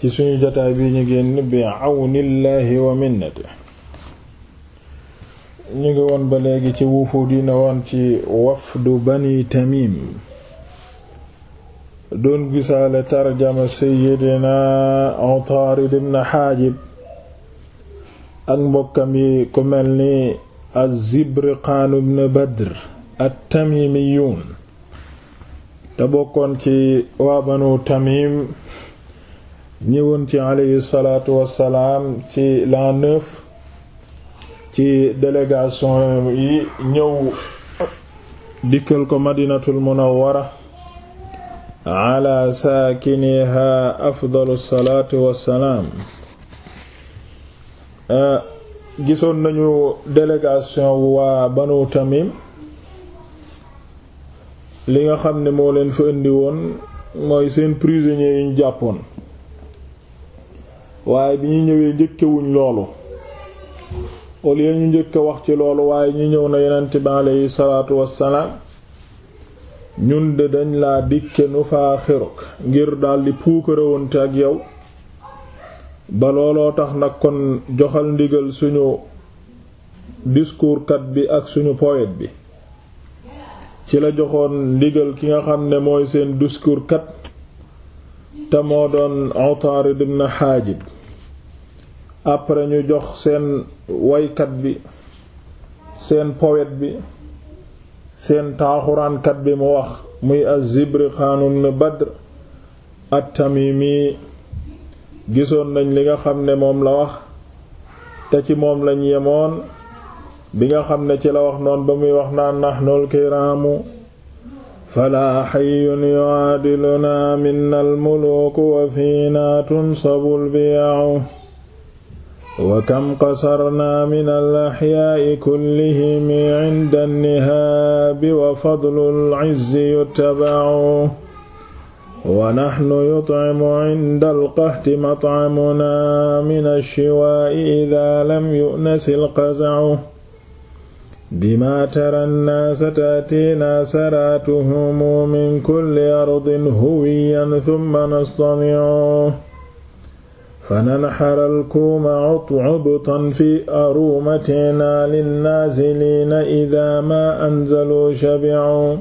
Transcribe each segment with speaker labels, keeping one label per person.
Speaker 1: ci suñu jotaay bi ñu génn bi àwnillaahi wa minnati ñu ngi woon ba léegi ci wuufu dina woon ci wafdu bani tamim doon gisaale tarjama seydina Utaarid ibn Haajib ak mbokkam yi ku mel ni az-Zibriqaan ibn Badr at-Tamimiyuun te bokkoon ci waa banu Tamim ñëwoon ci aleyhi salaatu wassalaam ci l'an neuf ci délégation yi ñëw dikkal ko madinatul munawwara ala saakiniha afdalu salaatu wassalaam euh, gisoon nañu délégation waa banu tamim li nga xam ne moo leen fa indi woon mooy seen prisonniers yi jàppoon waaye bi ñu ñëwee njëkkewuñ loolu au lieu ñu njëkk wax ci loolu waaye ñu ñëw na yonent bi aleyhi salaatu wassalaam ñun de dañ laa dikke nu faa xirok ngir daldi puukarewante ak yow ba looloo tax nag kon joxal ndigal suñu discours bi ak suñu poète bi ci la joxoon ndigal ki nga xam ne mooy seen discours te moo doon Utaarid ibn Haajib après ñu jox seen woykat bi seen poète bi seen taaxuraankat bi mu wax muy az-Zibriqaan ibn Badr at-Tamimi gisoon nañ li nga xam ne moom la wax te ci moom lañ yemoon bi nga xam ne ci la wax noon ba muy wax naan naxnu lkiraamu falaa xayun yuaadilunaa minna almuluuku wa fiinaa tunsabu lbiyaahu wa kam qasarnaa min al-axyaa'i kullihim inda an-nihaabi wa fadlu al-'izzi yutba'uhu wa naxnu yut'imu 'inda al-qahti mat'amunaa min ash-shiwaa'i idaa lam yu'nas al-qaz'u bimaa tara an-naasa ta'tiinaa saraatuhum min kulli ardin huwiyyan thumma nastadi'u فننحر الكوم عبطا في أرومتنا للنازلين إذا ما أنزلوا شبعوا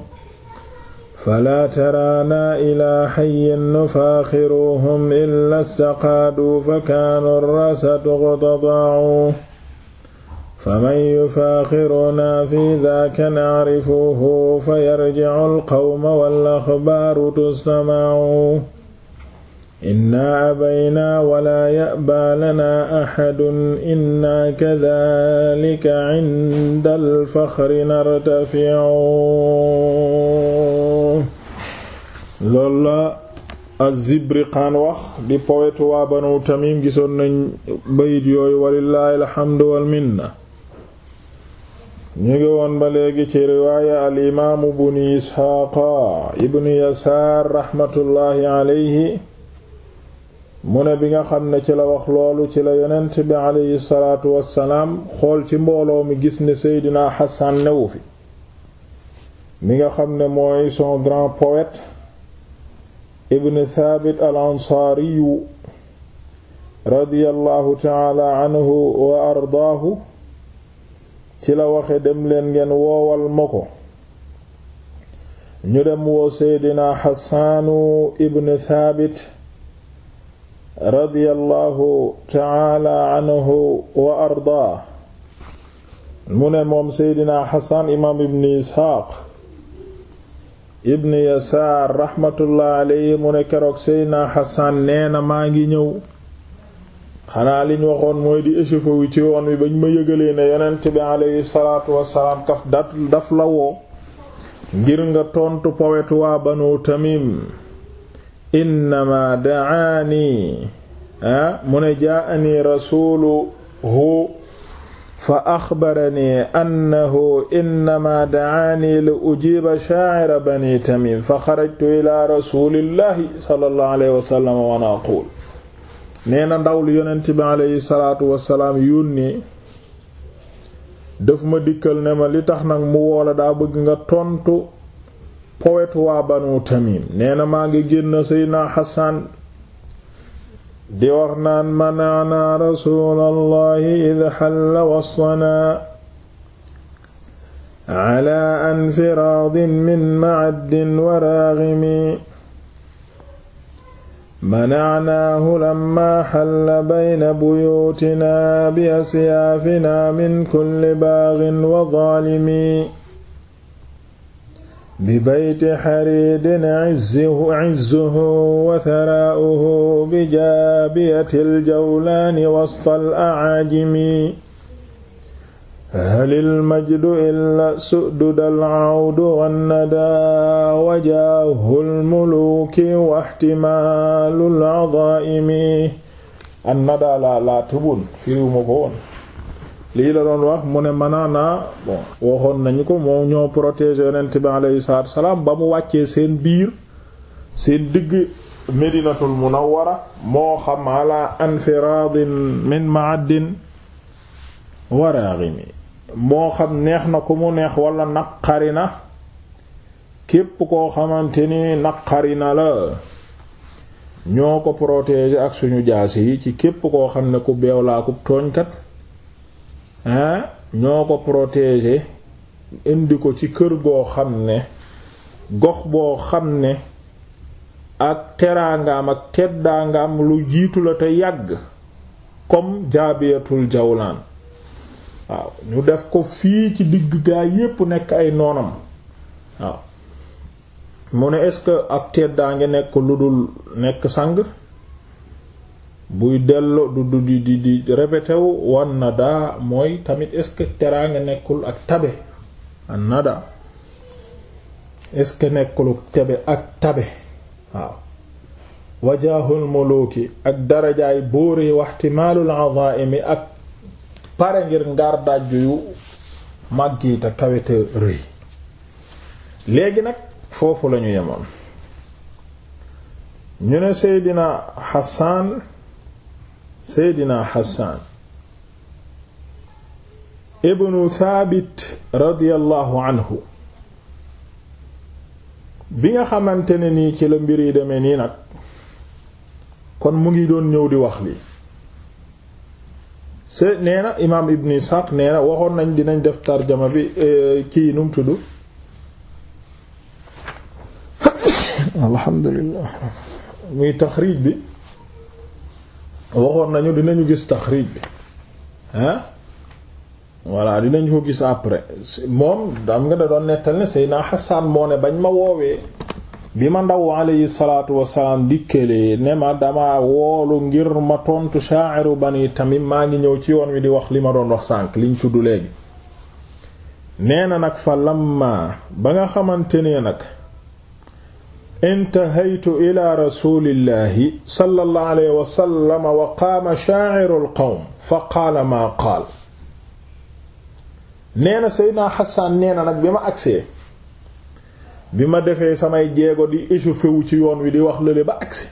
Speaker 1: فلا ترانا إلى حي نفاخروهم إلا استقادوا فكانوا الرسة قد ضاعوا فمن يفاخرنا في ذاك نعرفه فيرجع القوم والأخبار تستمع inna abaynaa wala ya'baa lanaa axadun inna kadaalika inda alfaxri nartafi'u loolu la az-Zibriqaan wax di poète waa Banu Tamiim gisoon nañ bayit yooyu walillaahi alhamdu wal minna ñu ngi woon ba léegi ci riwaaya al imaamu bnu Isxaaqa ibnu Yasaar raxmatullaahi alayhi mu ne bi nga xam ne ci la wax loolu ci la yonent bi aleyhi salaatu wassalaam xool ci mbooloo mi gis ni Seydina Hassan newu fi mi nga xam ne mooy son grand poète ibn Thabit al-Ansaariyu radiyallahu taala anhu wa ardaahu ci la waxe dem leen ngeen woowal ma ko ñu dem woo Seydina Hassanu ibn Thabit radiyallahu taala mu ne moom seydina xasan imaam ibn isxaaq ibn yasaar raxmatullah mu ne keroog seydina xasan nee maa ngi ñëw xanaa liñ waxoon mooy di échauffé wu ci woon wi bañ ma yëgalee ne yonent bi alayhi salaatu wassalaam daf la woo ngir nga tontu powetu waa banu tamim innama daani Ah, mu ne jaa'ani rasuluhu fa axbarani annahu innama da'aani li ujiba shaa'ira bani tamim fa xarajtu ila rasulillahi sallallahu alayhi wa aqul nee na ndaw li yonent bi alayhi salaatu wasalaam yónni daf ma dikkal ne ma li tax nag mu woola daa bëgg nga tontu poète waa banu tamim nee maa ngi génn Seydina Hassan di wax naan manana rasulallahi id xalla wasana ala anfiraadin min macaddin waraagimi manacnaahu lamma xalla bayna buyuutina bi asyaafina min kulli baagin wa zaalimi bi bayti xaridin izzuhu wa thara'uhu bi jaabiyatil jawlaani wastal aajimi halil majdu illa sududal awdu wannadaa wajaahul muluki wahtimaalul adaa'imi annadaa laa laa tubun firiwuma ko woon lii la doon wax mu ne manaanaa waxoon nañu ko moom ñoo protéger yonent bi alayhi salaatu salaam ba mu wàccee seen biir seen digg medinatul munawwara moo xam ala anfiradin min ma'addin waraghimi moo xam neex na ku mu neex walla naqari na képp koo xamante ni naqari la ñoo ko protéger ak suñu jaas yi ci képp koo xam ne ku beew laa ku tooñkat ñoo ko protéger indi ko ci kër goo xam ne gox boo xam ne ak teraangaam ak teddaangaam lu jiitu la te yàgg comme jaabiyatul jawlaan waaw ñu def ko fii ci digg gaa yépp nekk ay noonam waaw mu ne est-ce que ak nekk lu dul nekk sang buy delloo du du di di di répété wu wan na daa mooy tamit est teraanga nekkul ak tabe an nada est-ce nekkul tabe ak tabe waaw wajaahul ak darajaay buur yi waxtimaalul azaimi ak pare ngir ngaar yu màggi kawete rëy léegi nag foofu lañu yemoon ñu ne Seydina Hassan seydina xasaan ibnu thaabit radiyallahu anhu bi nga xamante ne nii ci la mbir yi demee nii nag kon mu ngi doon ñëw di wax li se nee na imaam ibnu isxaaq nee na waxoon nañ dinañ def tarjama bi e, kii num tudd alhamdulillah muy taxriij bi waxoon nañu dinañu gis taxrij bi ah voilà dinañ ko gis après moom dam nga da doon nettal ne Seydina Hassan moo ne bañ ma woowee bi ma ndaw alayhi salaatu wasalaam dikkalee ne ma dama woolu ngir ma tontu sha'iru yi tamit maa ngi ñëw ci yoon wi di wax li ma doon wax sànq liñ tudd léegi nee na nag fa lamma ba nga xamante ne nag intahaytu ila rasulillahi sallallahu alayhi wa sallam wa qaama shaa'irul qawm fa qaala maa qaal nee na Seydina Hassan nee na nag bi ma agsee bi ma defee samay jéego di échauffé wu ci yoon wi di wax lële ba agsi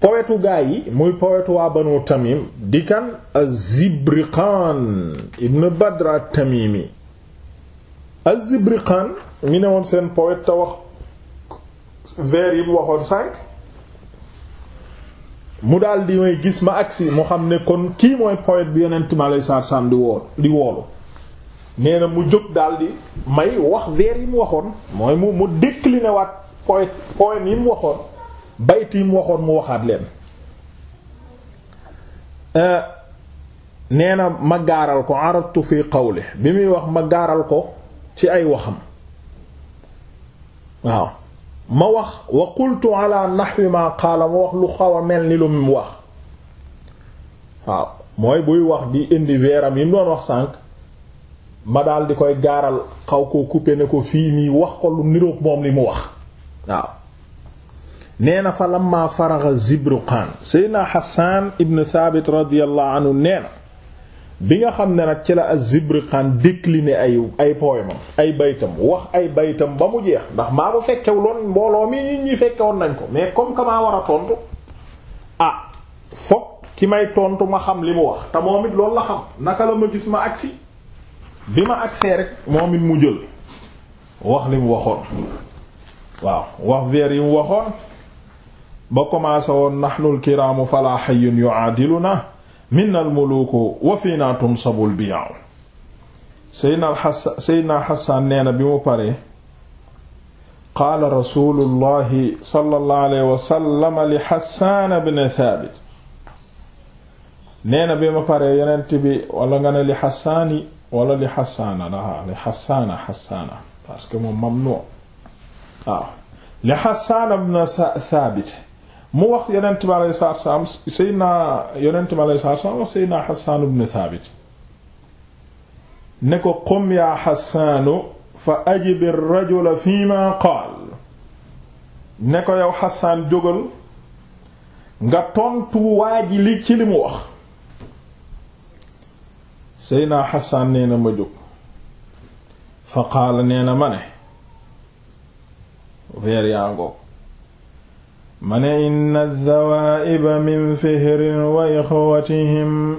Speaker 1: powetu gaa yi muy powetu waa Banu Tamim di kan Az-Zibriqaan ibn Badr At-Tamimi Az-Zibriqaan mi ne woon seen poète te wax vers yi mu waxoon cinq mu daal di may gis ma agsi mu xam ne kon kii mooy poète bi yonent ma lay saar saam di wool di woolu nee mu jóg daal di may wax vers mu waxoon mooy mu mu décliné waat poète yi mu waxoon bayt yi mu waxoon mu waxaat leen euh, nee na ma gaaral ko aratu fi qawli bi muy wax ma gaaral ko ci ay waxam waaw ma wax wa qultu ala nahwi ma qaala wax lu xaw a mel ni lu mu wax waaw mooy buy wax di indi veeram yi mu doon wax sànq ma daal di koy gaaral xaw koo couper ne ko fii nii wax ko lu niroog moom li mu wax waaw nee na fa lamma faraga zibruqaan seydna Hassan ibn Thabit radiyallahu nee na bi nga xam ne nag ci la Az-Zibriqaan décliné ay ay poème ay baytam wax ay baytam ba mu jeex ndax maa ko fekkewuloon mbooloo mi nit ñi fekkewoon nañ ko mais comme que maa war a tontu ah foog ki may tontu ma xam li mu wax te moom it loolu la xam naka la ma gis ma agsi bi ma agsee rek moom it mu jël wax li mu waxoon waaw wax vers yi mu waxoon ba commencé woon nahnul kiraamu falaa hayyun yu'aadiluna min almuluku wa fiinaa tunsabul biyaaw seydna xasan seydna xasan nee na bi mu paree qaala rasulullahi sallallahu alayhi wasallam li xasaana bne thaabit nee na bi mu paree yonent bi wala nga ne li xasaani wala li xasaana daa li xasaana xasaana parce que moom mamnu waaw li xasaana bne thaabit mu wax yonent bi alayhi salaatu wa salaam yonent bi alayhi salaatu wa salaam wax Seydina Thabit ne ko qum yaa Hassan fa ajib ar-rajul fiima qaal ne ko yow Hassan jógal nga tontu waa ci li mu wax Seydina Hassan nee ma jóg fa qaal nee ma ne weer yaa ngoog ma ne inna dawaaiba min fihrin wa ixwatihim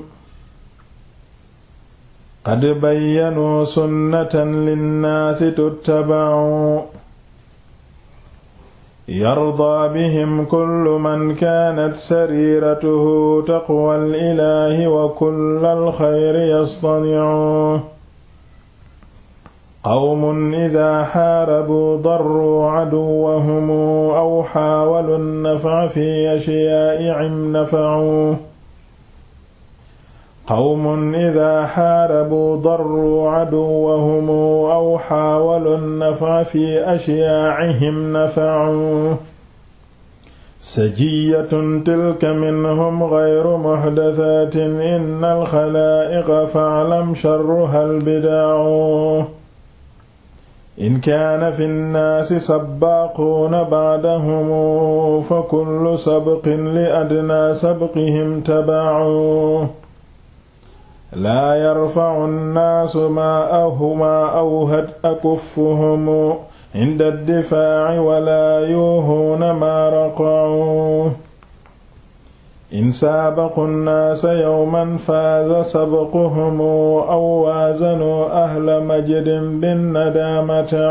Speaker 1: qad bayyanu sunnatan linnaasi tuttabacu yardaa bihim kullu man kaanat sariiratuhu taqwa al ilaahi wa kulla alxayri yastanicu qawmun idaa xaarabuu darruu caduwahum aw xaawaluu nnafaca fi ashyaa'ihim nafacuu qawmun idaa xaarabuu darruu caduwahum aw xaawaluu nnafaca fi ashyaa'ihim nafacuu sajiyatun tilka minhum gayru muxdasaatin inna alxalaa'iqa faclam sharruha albidaacu in kaana fi nnaasi sabbaaquuna ba'dahum fa kullu sabqin li adnaa sabqihim taba'u laa yarfa'u nnaasu maa'ahumaa awhad akuffuhum inda ddifaa'i wa laa yuuhuuna maa raqa'u in saabaqu nnaasa yowman faaza sabquhum aw waazanu ahla majdin binnadaamati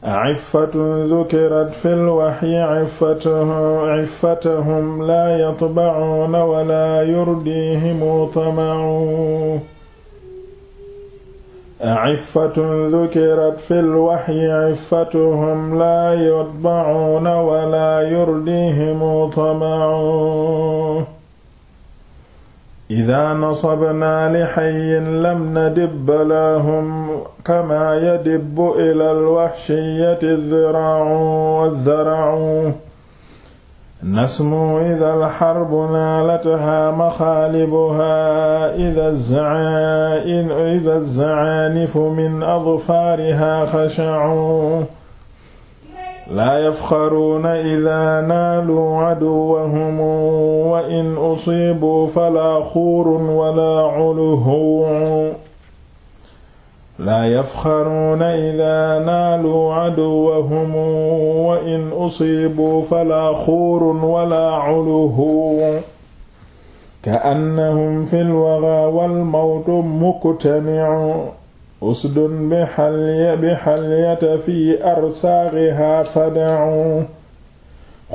Speaker 1: ciffatun dukirat fil waxyi ciffatahum laa yatbacuuna wala yurdiihimu tamacun عفة ذكرت في الوحي عفتهم لا يتبعون ولا يرديهم طمع إذا نصبنا لحي لم ندب لهم كما يدب إلى الوحشية الذراع والذرع nasmu ida alxarbu naalataha maxaalibuha ida ida zacaanifu min adfaariha xashacu laa yafxaruuna ida naaluu caduwahum wa in usiibuu falaa xuurun wala culuhu laa yafxaruuna idaa naaluu caduwahum wa in usiibuu falaa xuurun walaa culuhu kaannahum fi lwagaa walmawtu muktamicu usdun bixalyata fi arsaaqihaa fadacu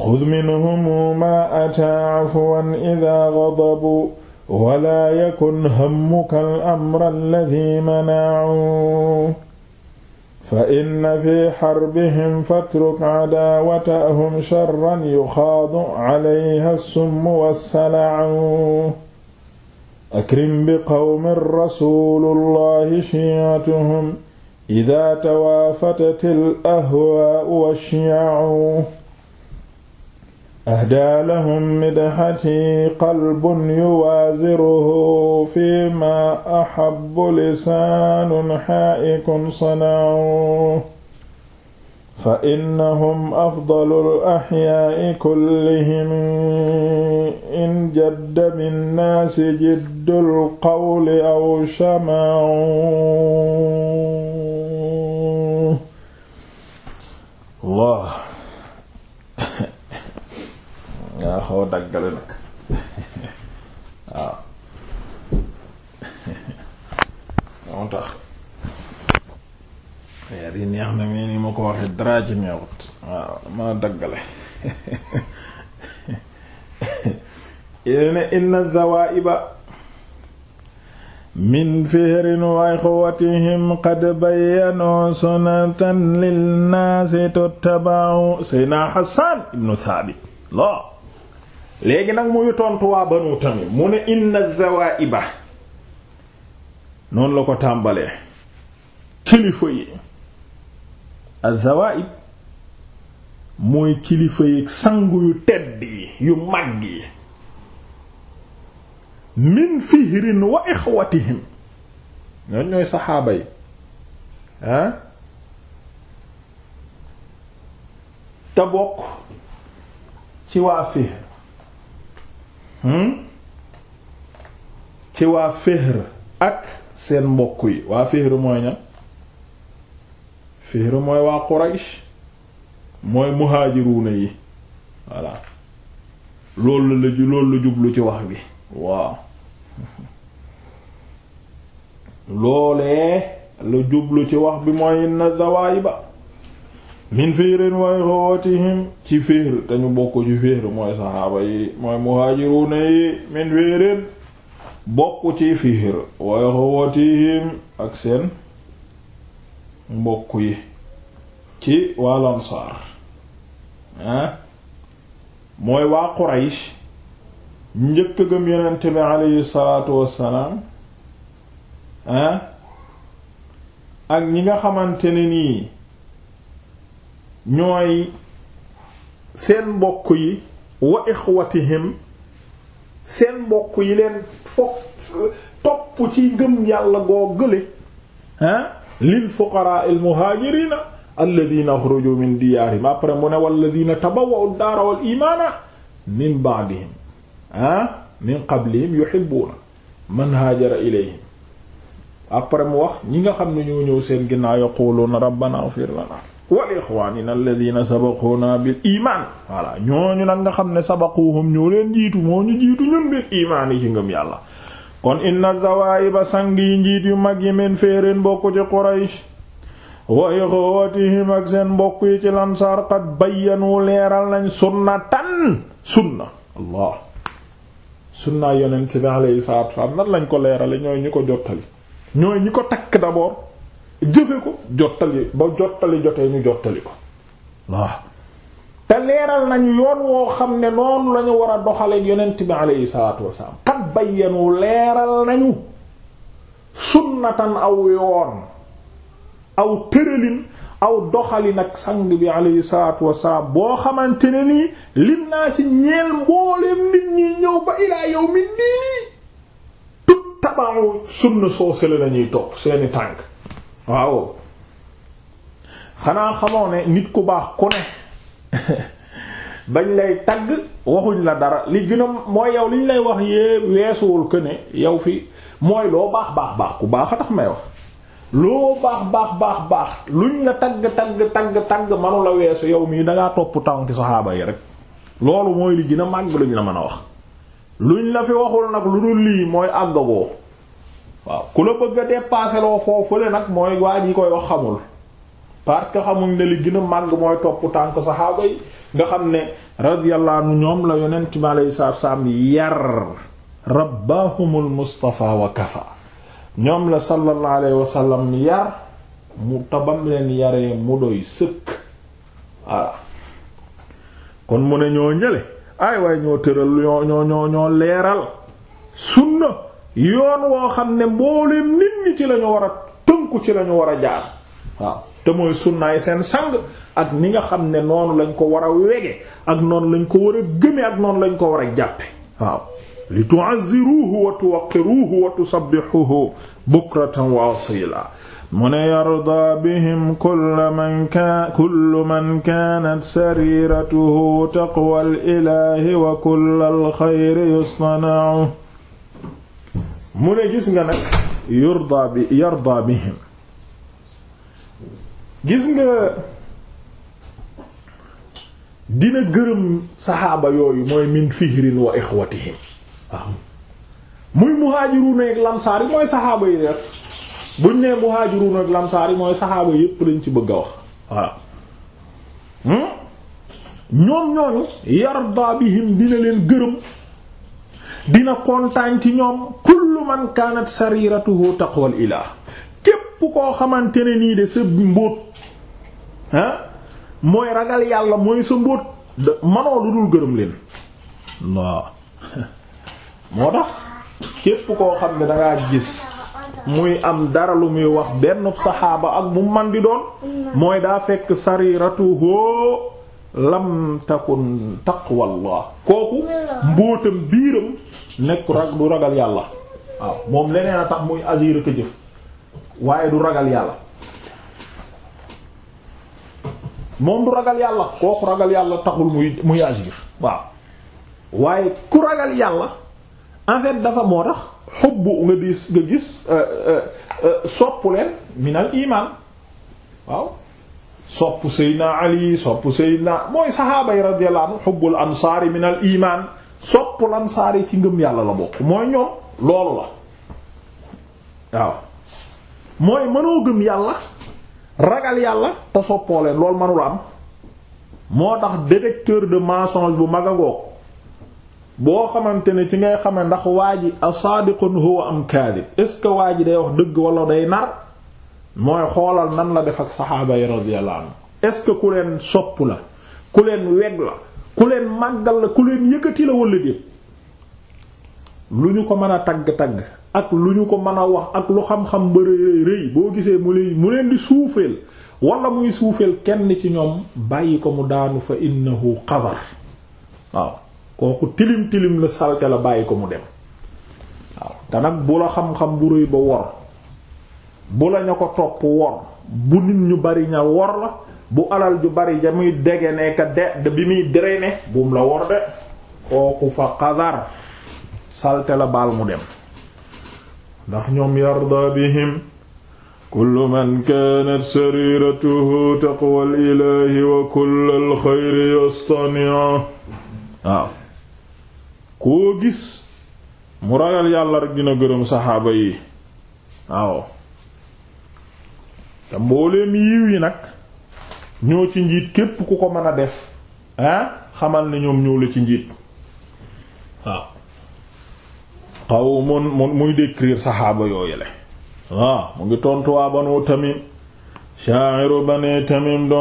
Speaker 1: xud minhum maa ataa cafwan idaa gadabuu wala yakun hammuka al-amra alladhi mana'u fa inna fi harbihim fatruk adaawatahum sharran yuxaadu alayha as-summu was-sala'u akrim bi qawmin rasuulullahi shi'atuhum idhaa tawaafatat al-ahwaa'u wash-shi'a'u ahdaa lahum midhati qalbun yuwaaziruhu fiimaa ahabbu lisaanun haa'ikun sana'uhu fa innahum afdalu al-ahyaa'i kullihim in jadda binnaasi jiddul qawli aw shamaa'uhu Allah nga xaw a daggale nag waaw moo tax weer yi neex na mais ni ma ko waxee dara neexut waaw maa daggale ne inna zawaiba min fihrin wa ixwatihim qad bayyanu sunatan lil naasi tuttaba'u sayna Hassan ibnu Thabit léegi nag muy tontu waa banu mu ne inna zawaiba noonu la ko tàmbalee kilifa yi azawaib mooy kilifa yi sangu yu tedd yi yu màgg yi min fihrin wa ixwatihim ñoon ñooy saxaaba yi ah te bokk ci waa fihr Hmm? ci waa Fihr ak seen mbokk yi waa Fihr mooy ña Fihr mooy waa Quraysh mooy muhaajiruuna yi voilà loolu la la jublu ci wax bi waaw loolee la jublu ci wax bi mooy na zawaayi ba min fiirin way xowatihim ci fiir te ñu bokk ci fiir mooy saxaaba yi mooy muhaajiruuna yi min fiirin bokk ci fiir way xowatihim ak seen mbokk yi ci waa lansaar ah mooy waa Quraysh njëkk gëm yonent bi aleyhi salaatu wassalaam ah ak ñi nga xamante ne nii ñooy seen mbokk yi wa ixwatihim seen mbokk yi leen fokk topp ci ngëm yàlla goo gële ah lil fuqaraa al muhaajiriina alladina uxruju min diyaarihim après mu ne walladina tabawwa'u daara wal imaana min ba'dihim ah min qablihim yuhibbuuna man haajara ilayhim après mu wax ñi nga xam ne ñoo ñëw seen ginnaa yaquluuna rabbana ighfir wal ixwaanina alladina sabaquuna bil iman voilà ñooñu nag nga xam ne sabaquhum ñoo leen jiitu moo ñu jiitu ñun bil imaan yi ci ngëm yàlla kon inna ba sang yi njiit yu mag yi min féeréen bokk ci Quraysh wa ixwatihim ak seen mbokk yi ci lansaar qad bayyanu leeral nañ sunnatan sunna allah sunna yonent bi alayhi salaatu wa salaam nan lañ ko leerale ñooy ñi ko jottali ñooy ñi ko takk d'abord jëfe ko jottali ba jottali jotee ñu jottali ko waaw te leeral nañu yoon woo xam ne noonu lañu war a doxaleek yonent bi aleyhi salaatu wasalaam kat yenu leeral nañu sunnatan aw yoon aw tëralin aw doxalin ak sang bi aleyhi salaatu wasalaam boo xamante ne nii lim naa ci ñeel mbooleem nit ñi ñëw ba ilaa yawmi diini tut tabaawu sunna soosale lañuy topp seeni tànk waaw xanaa xamoo ne nit ku baax ku ne bañ lay tagg waxuñ la dara li gën mooy yow liñ lay wax yee weesuwul que ne yow fi mooy loo baax baax baax baax a tax loo baax baax baax luñ la tagg tagg tagg tagg manu la weesu yow mii dangaa topp tànki saxaaba yi rek loolu mooy li gën a màgg luñ la mën a wax luñ la fi waxul nag lu dul lii mooy àggagoo waaw ku la bëgg a dépasser loo foofule nag mooy waa ji koy wax xamul parce que xamuñ ne li gën a màgg mooy topp tànk saxaaba yi nga xam ne radiyallahu anhu ñoom la yonent mi ñoom la sallallahu alayhi wa sallam yar mu tabam leen yaree mu doy sëkk voilà kon mu ne ñoo ñële ay waaye ñoo tëral ñoo ñoo ñoo leeral sunna yoon woo xam ne mbooleem nit ñi ci lañu war a tënku ci lañu war a jaar waaw te mooy sunnaay seen sang ak ni nga xam ne noonu lañ ko war a wege ak noonu lañ ko war a gëme ak noonu lañ ko war a jàppe waaw li tu'azziruhu wa tuwaqqiruhu wa tusabbihuhu bukratan wa asila mu ne yarda bihim kullu man kaana kullu man kaanat sariratuhu taqwa al ilahi wa kullu al khayri yusna'u mu ne gis nga nag yurda bi yarda bihim gis nga dina gërëm saxaaba yooyu mooy min fihrin wa ixwatihim waaw muy muhaajiruun ak lamsaar yi mooy saxaaba yi rek buñ nee muhaajiruun ak lamsaar yi mooy saxaaba yépp lañ ci bëgg a wax waaw hmm? ñoom ñooñu yarda bihim dina leen gërëm dina kontaan ci ñoom kullu man kaanat sariratuhu taqwal ilah képp koo xamante ne nii de sa mbóot mooy ragal yàlla mooy sa mbóot manoo lu dul gërëm leen waaw moo tax képp koo xam ne dangaa gis muy am dara lu muy wax benn saxaaba ak mu man di doon mooy daa fekk sariratuhu lam takun taqwallah kooku mbóotam biiram nekk rag du ragal yàlla waaw moom leneen a tax muy agir ak jëf waaye du ragal yàlla moom du ragal yàlla kooku ragal yàlla taxul muy muy waaye ku ragal yàlla en fait dafa moo tax xubb nga dis nga gis euh, euh, euh, sopp leen minal iman waaw sopp Seydina Ali sopp Seydina mooy sahaaba yi radiyallahu anhu xubbul ansaari minal iman sopp lansaar yi ci ngëm yàlla la bokk mooy ñoom loolu la waaw mooy mënoo gëm yàlla ragal yàlla te soppoo leen loolu mënula am moo tax directeur de mensonge bu mag a ngoog boo xamante ne ci ngay xame ndax waa ji asadiqun huwa am kadib est-ce que waa ji day wax dëgg walla day nar mooy xoolal nan la def ak saxaaba yi radiyallahu anhu est-ce que ku leen sopp la ku leen weg la ku leen màggal la ku leen yëkkati la wala déet lu ñu ko mën a tagg-tagg ak lu ñu ko mën a wax ak lu xam-xam ba rëy rëy boo gisee mu leen mu leen di suufeel wala muy suufeel kenn ci ñoom bàyyi ko mu daanu fa innahu xadar waaw kooku tilim tilim la salte la bàyyi ko mu dem waaw te nag bu la xam-xam bu rëy ba wor bu la ña ko topp wor bu nit ñu bari ña wor la bu alal ju bari ja muy dege nekka de bi muy drainer buum la wor de kooku fa qadar salte la baal mu dem ndax ñoom yarda bihim kullu man kaanat sariratuhu taqwa lilahi wa kull alxeyri yastania waaw koo gis mu ragal yàlla rek gërëm saxaaba yi waaw te mbooleem yiw yi nag ñoo ci njiit képp ku ko mën a def ah xamal ne ñoom ñoo la ci njiit waaw muy décrire saxaaba yooyu le mu ngi tontuwaa banu tamim sha'iru bani tamim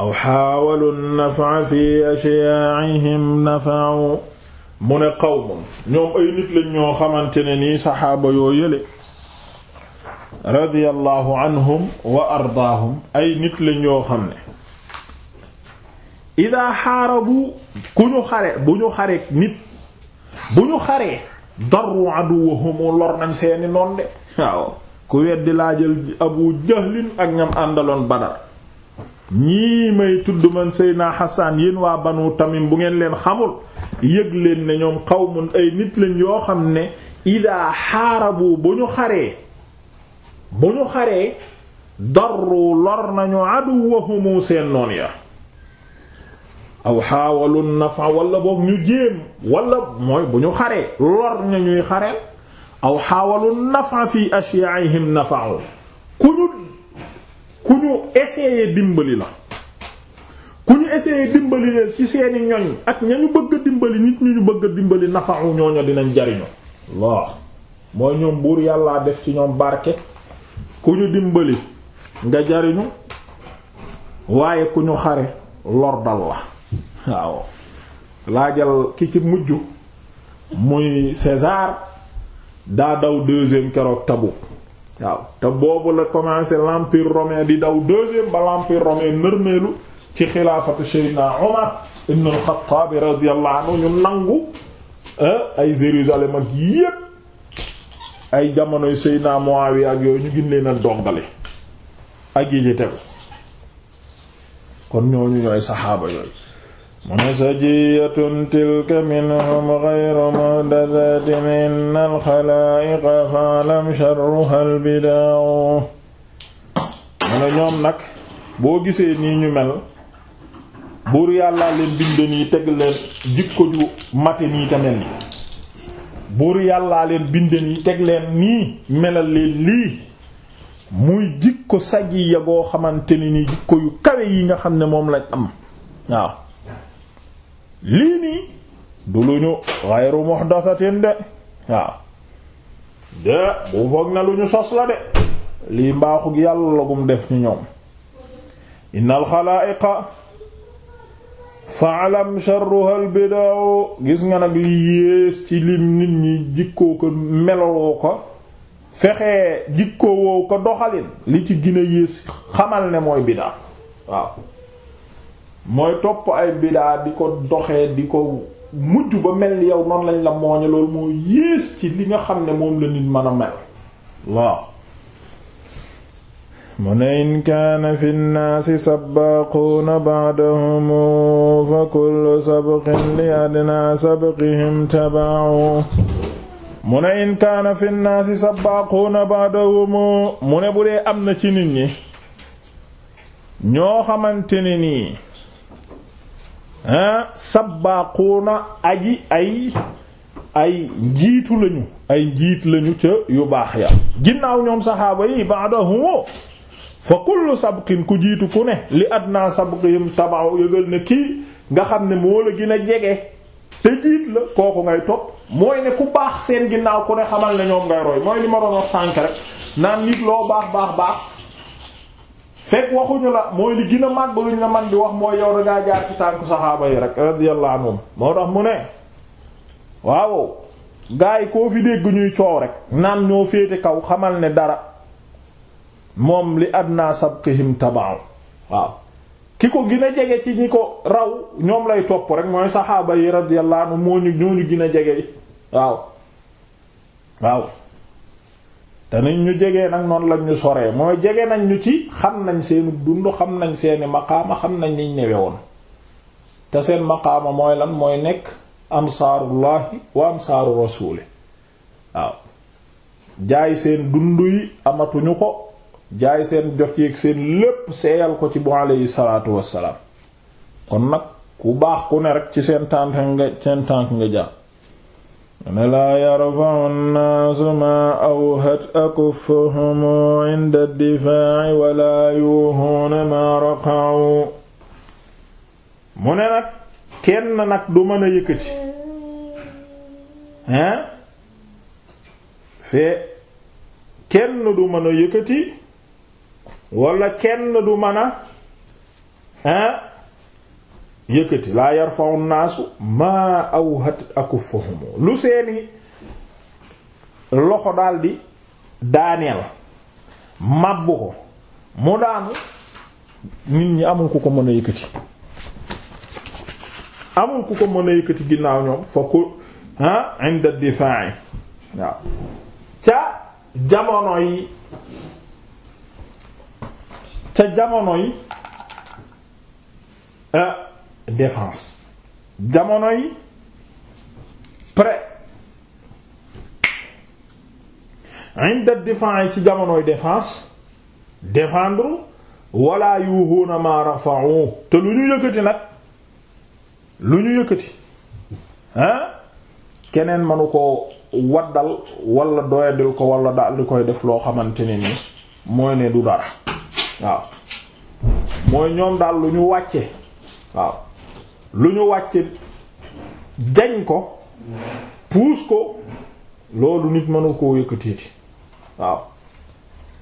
Speaker 1: aw xaawalu nafa fi ashyaa'ihim nafa'u mu ne qawmun ñoom ay nit lañ ñoo xamante ne nii saxaaba yoo yële radiyallahu anhum wa ardaahum ay nit lañ yoo xam ne idaa xaarabu ku ñu xare bu ñu xaree nit bu ñu xaree darru aduwahum lor nañ seeni noon de waaw ku weddi laa jël abu jahlin ak ñam àndaloon badar ñii may tudd man Seydina Hassan yéen waa banu tamim bu ngeen leen xamul yëg leen ne ñoom xaw xawmun ay nit lañ yoo xam ne idaa xaarabu bu ñu xaree bu ñu xaree darru lor nañu aduwahumu seen noon ya aw xaawalu nafa wala boog ñu jéem walla mooy bu ñu xaree lor na ñuy xareel aw xaawalu nafa fi ashyaihim nafa'u ku ñu ku ñu essayer dimbali la ku ñu essayer dimbali la ci seeni ñoñ ak ña ñu bëgg dimbali nit ñu ñu bëgg a dimbali nafa'u ñooñu dinañ jariñu waaw mooy ñoom buur yàllaa def ci ñoom barke ku ñu dimbali nga jariñu waaye ku ñu xare lor la waaw laajal ki ci mujj muy César daa daw deuxième keroog Tabuk waaw te boobu la commencé l'empire romain di daw deuxième ba l'empire romain nërmeelu ci xilaafatu Seydina Omar ibn al-Khattab radiyallahu anhu ñu nangu eh, ay Jérusalem ak yépp ay jamonoy Seydina Muawiya ak yooyu ñu gën leen a dongale ak yi ci tegu kon ñooñu ñooy saxaaba yooyu mu ne sajiyatun tilka minhum ghayru muhdathatin inna al-khalaa'iqa fa'lam sharruha al-bidaa'u mu ne ñoom nag boo gisee nii ñu mel buur yàllaa leen bind nii teg leen jikko ju mate nii tamel nii buur yàllaa leen binde nii teg leen nii melal leen lii muy jikko saji ya goo xamante ni jikko yu kawe yi nga xam ne moom lañ am waaw lii nii du lu ñu xayru muhdathatin de waaw de bu foog na lu ñu sos la de lii mbaaxug yàlla la def ñu ñoom innal xalaa'iqa faalam charruha al bidao gis nga nag li yées ci li nit ñi jikkoo ko meloo ko fexe jikkoo woo ko doxalin li ci gën a yées xamal ne mooy bidaa waaw mooy topp ay bidaa di ko doxee di ko mujj ba mel ni yow noonu lañ la mooñe loolu moo yées ci li nga xam ne moom la nit mën a mel waaw mu ne in kaana fi nnaasi sabbaaquuna ba'dahum fa kullu sabqin li adnaa sabqihim taba'u mu ne in kaana fi nnaasi sabbaaquuna ba'dahum mu ne bu dee am na ci nit ñi ñoo xamante ne nii ah sabbaaquuna aji ay ay njiitu lañu ay njiit lañu ca yu baax ya ginnaaw ñoom saxaaba yi ba'dahum fa kullu sabqin ku jiitu ku ne li adna sabqihim tabaw yëgal ne kii nga xam ne moo la gën a jege te jiit la kooku ngay topp mooy ne ku baax seen ginnaaw ku ne xamal ne ñoom ngay roy mooy li ma doon wax sànk rek naan nit loo baax baax baax fekk waxuñu la mooy li gën a màgg luñ la man di wax mooy yow dangaa jaar ci tànku saxaaba yi rek radiyallahu anhum moo tax mu ne waaw gaa koo fi dégg ñuy coow rek naan ñoo féete kaw xamal ne dara moom li adna sabqihim tabaaw waaw ki ko gën jege ci ñi ko raw ñoom lay topp rek mooy saxaaba yi radiyallahu anhu moo ñu ñoo ñu gën a jege waaw waaw te ñu jegee nag noonu lañ ñu soree mooy jege nañ ñu ci xam nañ seeni dund xam nañ seeni maqaama xam nañ niñ newe woon te seen maqaama mooy lan mooy nekk ansaarullahi wa ansaaru rasuuli waaw jaay seen dund yi amatuñu ko jaay seen jox yeeg seen lépp seyal ko ci bu aleyhi salaatu wassalaam kon nag ku baax ku ne rek ci seen tànk nga seen tànk nga jaar ne laa yarfa'u nnaasu maa mu ne nag kenn nag du mën a yëkkati hein fee kenn du mën a yëkkati wala kenn du mën a hein yëkkati laa yarfa'u naasu maa awhat akuffuhum lu seeni loxo daldi daaneel mabbu ko mu daanu nit ñi amul ku ko mën a amul ku ko mën a ginnaaw ñoom fa hein inda difa'i waaw ca jamono yi ca jamonoy euh, défense jamonoy pré inda difaa ci jamonoy défense défendre wala yuhuuna ma rafa'u te lu ñu yëkkati nag lu ñu yëkkati ah keneen manu ko waddal wala doyadil ko wala daal di koy def loo xamante ne ni mooy ne du dara waaw mooy ñoom daal lu ñu wàcce waaw lu ñu wàcce jañ ko puus ko loolu nit mënu koo yëkkateeti waaw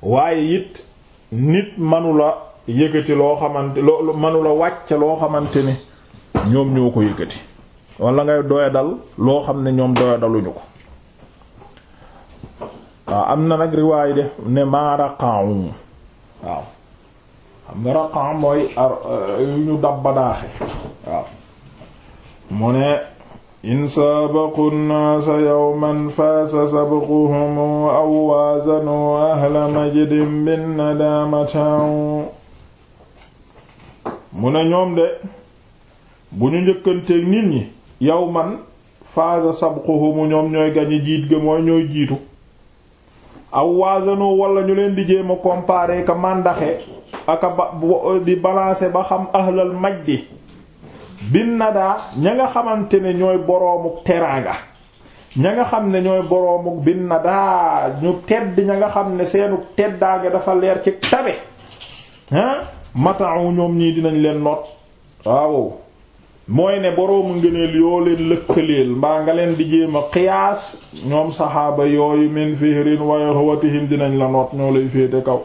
Speaker 1: waaye it nit mënu la yëkkati loo xamante loo mënu wàcce loo xamante ne ñoom ñoo ko yëkkati wala ngay doya dal loo xam ne ñoom doya daluñu ko waaw am na nag riwaay def ne maaraqaum waaw xam nga mooy euh, yu ñu dabba daaxe waaw mu ne in sabaqu nnaasa yawman faasa sabquhum aw waazanu ahla majdin binnadaamatan mu ne ñoom de bu ñu njëkkanteeg nit ñi yawman faasa sabquhum ñoom ñooy gañe jiit ga ñooy jiitu aw waazano walla ñu leen di jéem a ko ka màndaxe aka ba di balancer ba xam ahlal majdi bin nadaa ña nga xamante ne ñooy boroomuk teraanga ña nga xam ne ñooy boroomuk bin nadaa ñu tedd ña nga xam ne seenu teddaange dafa leer ci tabe ah mata'u ñoom ñii dinañ leen noot waaw mooy ne boroomu ngëneel yoo leen lëkkaleel mbaa nga leen di jéem a qiyaas ñoom saxaaba yooyu min fihrin wa yahwatihim dinañ la noot ñoo lay féete kaw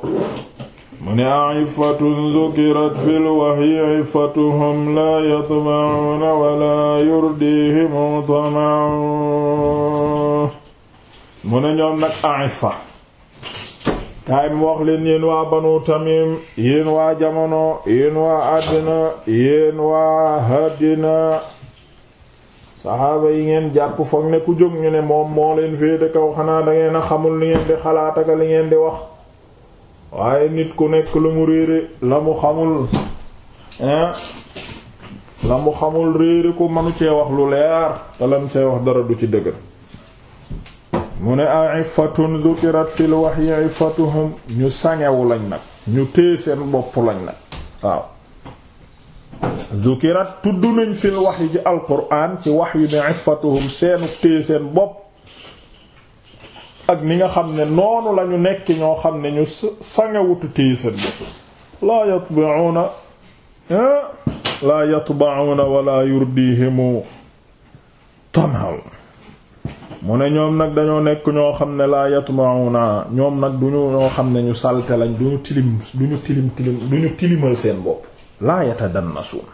Speaker 1: mu ne a iffatun zukirat fil wahyi iffatuhum la yatma'una wala yurdihim tama'un mu ñoom nag a iffa kaay wax leen yéen waa banu tamim yéen waa jamono yéen waa àddina yéen waa àddina saxaaba yi ngeen jàpp foog ne ku jóg ñu ne moom moo leen féete kaw xanaa da ngeen a xamul li ngeen di xalaat ak li ngeen di wax waaye nit ku nekk lu mu réere la mu xamul hein la mu xamul réere ku manu cee wax lu leer te lam cee wax dara du ci dëgër mu ne a iffatun dukirat fil wahyi iffatuhum ñu sangewu lañ nag ñu téye seen bopp lañ nag waaw dukirat tudd nañ fil wahyi ji alquran ci wax yu ne iffatuhum seenu téye seen bopp ak ni nga xam ne noonu lañu nekk ñoo xam ne ñu sangewutu téye seen bopp laa yatba'una eh? laa yatba'una wala yurdihimu tamam mu ne ñoom nag dañoo nekk ñoo xam ne laa yatma'una ñoom nag duñu ñoo xam ne ñu salte lañ duñu tilim duñu tilim tilim duñu tilimal seen bopp laa yatadannasuun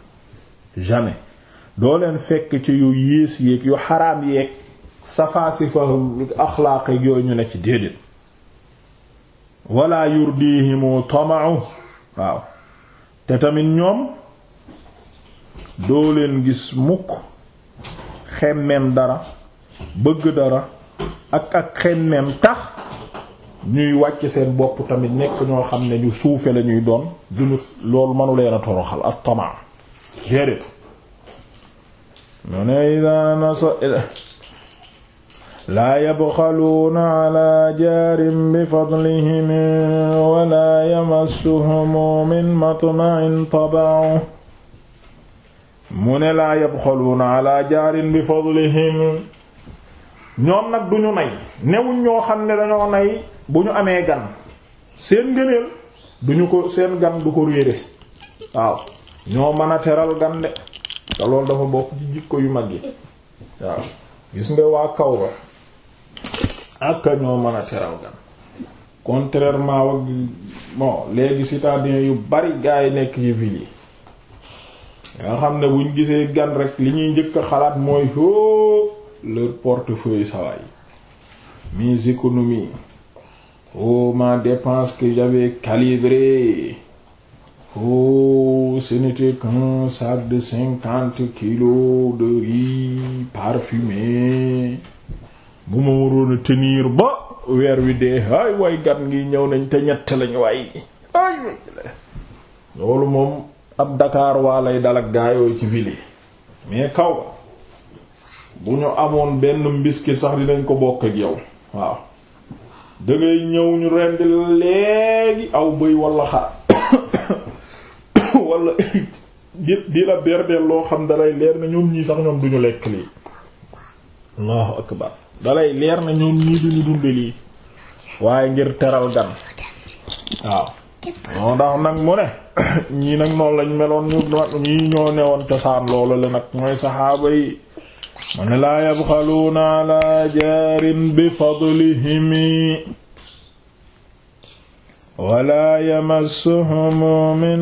Speaker 1: jamais doo leen fekk ci yu yées yéeg yu xaraam yeeg safaasifa axlaaq ak yooyu ñu ne ci déedéet wala yurdihimu tama'u waaw te tamit ñoom doo leen gis mukk xemmem dara bëgg dara ak ak xemmeem tax ñuy wàcc seen bopp tamit nekk ñoo xam ne ñu suufe lañuy ñuy doon duñu loolu mënu leen a toroxal ak tamaa déedéet mu ne ida nasa laa yabxaluuna ala jaarin bi fadlihim wala yamassuhum min matma'in taba'u mu ne laa yabxaluuna ala jaarin bi fadlihim ñoom nag duñu nay newuñ ñoo xam ne dañoo nay bu ñu amee gan seen ngëneel duñu ko seen gan du ko réere waaw ñoo mën a teral gan de te loolu dafa bokk ci jikko yu mag yi waaw gis nga waa kaw ba ak ñoo mën a teral gan contrairement wak bon léegi citadins yu bari gaa yi nekk ci ville yi nga xam ne buñ gisee gan rek li ñuy njëkk xalaat mooy hoo leur portefeuille sawaay mes économies oh ma dépense que j'avais calibrée oh ce n'était de cinquante kilos de riz parfumé bu ma waroon a tenir ba weer wi dee ay way gat ngi ñëw nañ te ñett lañ waay loolu moom ab Dakar waa lay dal ak ci ville mais kaw bu ñu amoon benn mbiskit sax dinañ ko bokk ak yow waaw dangay ñëw ñu rendi léegi aw bëy walla xar walla di di la berbeel loo xam dalay leer na ñoom ñii sax ñoom duñu lekk lii allahu akbar dalay leer na ñoom ñii duñu dund lii waaye ngir teral gan waaw moo tax nag mu ne ñii nag noonu lañ meloon ñu ñii ñoo newoon cosaan loolu la nag mooy saxaaba yi man laa yabxaluuna alaa jaarin bi fadlihim wala yamassuhum min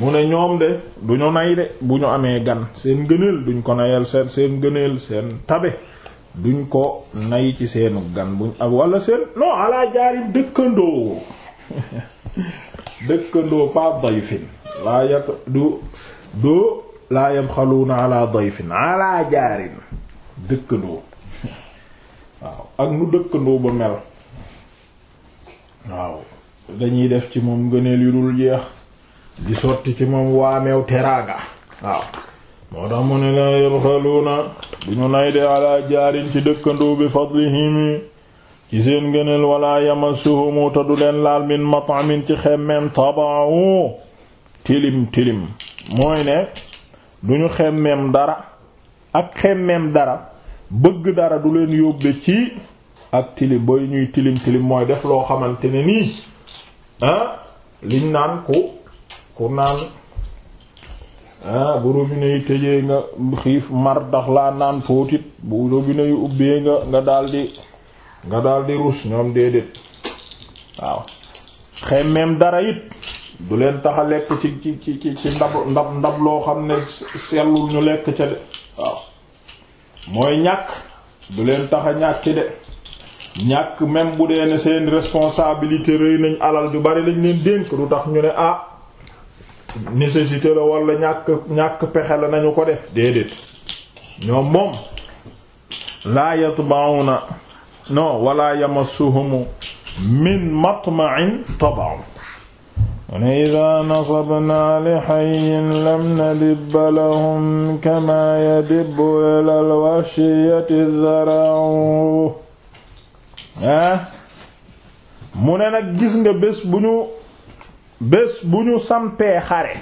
Speaker 1: mu ne ñoom de du ñu nay de bu ñu amee gan seen gëneel duñ ko nayal seen seen gëneel seen tabe duñ ko nay ci seenu gan buñ ak wala seen non alaa jaarin dëkkandoo dëkkandoo pa dayfin laa yat du doo laa yabxaluuna ala dayfin ala jaarin dëkkandoo waaw ak nu dëkkandoo ba mel waaw dañuy def ci moom gëneel yu dul jeex di sotti ci moom waameew teraaga waaw moo tax mu ne laa yabxaluuna du ñu nay de ala jaarin ci dëkkandoo bi fadlihimi ci seen gëneel wala yamassuhumu te du leen laal min mat'amin ci xemmeen taba'u tilim tilim mooy ne duñu xemmeem dara ak xemmeem dara bëgg dara du leen yóbbe ci ak tili booy ñuy tilim tilim mooy def loo xamante ne nii ah liñ naan ku ku naan ah, bu robinet yi tëjee nga xiif mar ndax laa naan fóotit bu robinet ubbee nga nga daldi nga daldi ruus ñoom déedéet waaw xemmeem dara it du leen tax a lekk ci ci ci ci ndab ndab ndab loo xam ne sellul ñu lekk ca de waaw mooy ñàkk du leen tax ñàkki de ñàkk même bu dee ne seen responsabilité rëy nañ alal ju bari lañ leen dénk du tax ñu ne ah nécessité la wala ñàkk ñàkk pexe la nañu ko def déedéet ñoom moom laa yatba'una non wala yamassuhum min matma'in tab'un ne ida nasabna li xayin lam nadibba lahum kama yadibbu ilal washiyati zarau ah mu ne nag gis nga bés bu ñu bés bu ñu sampee xare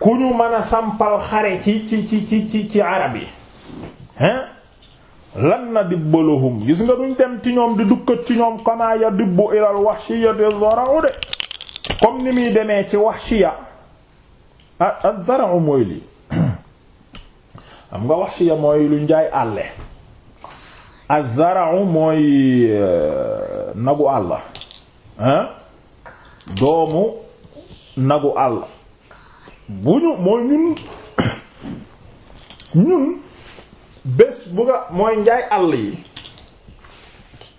Speaker 1: ku ñu mën sampal xare ci ci ci ci ci arab yi lan na dibbalahum gis nga duñ dem ci ñoom di dukkat ci ñoom xanaa dibbu ilal wahshiyati zara'u de comme ni muy demee ci wahshiya ak ah, zara'u mooy lii xam nga wahshiya mooy lu njaay àlle ak zara'u mooy euh, nagu àll hein nagu àll ñu mooy ñun ñun bés bu nga mooy njaay àll yi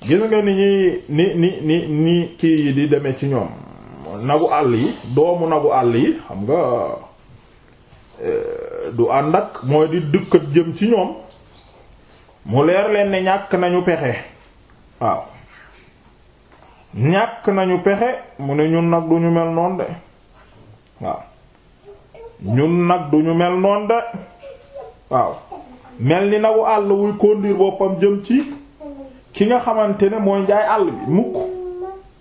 Speaker 1: gis nga ni ñuy ni ni ni ni kii yi di demee ci ñoom nagu àll yi doomu nagu àll yi xam nga eh, du ànd mooy di dëkkat jëm ci ñoom mu leer leen ne ñàkk nañu pexe waaw ñàkk nañu pexe mu ne ñun nag du ñu mel noon de waaw ñun nag du ñu mel noon de waaw mel ni nagu àll wuy conduire boppam jëm ci ki nga xamante ne mooy njaay àll bi mukk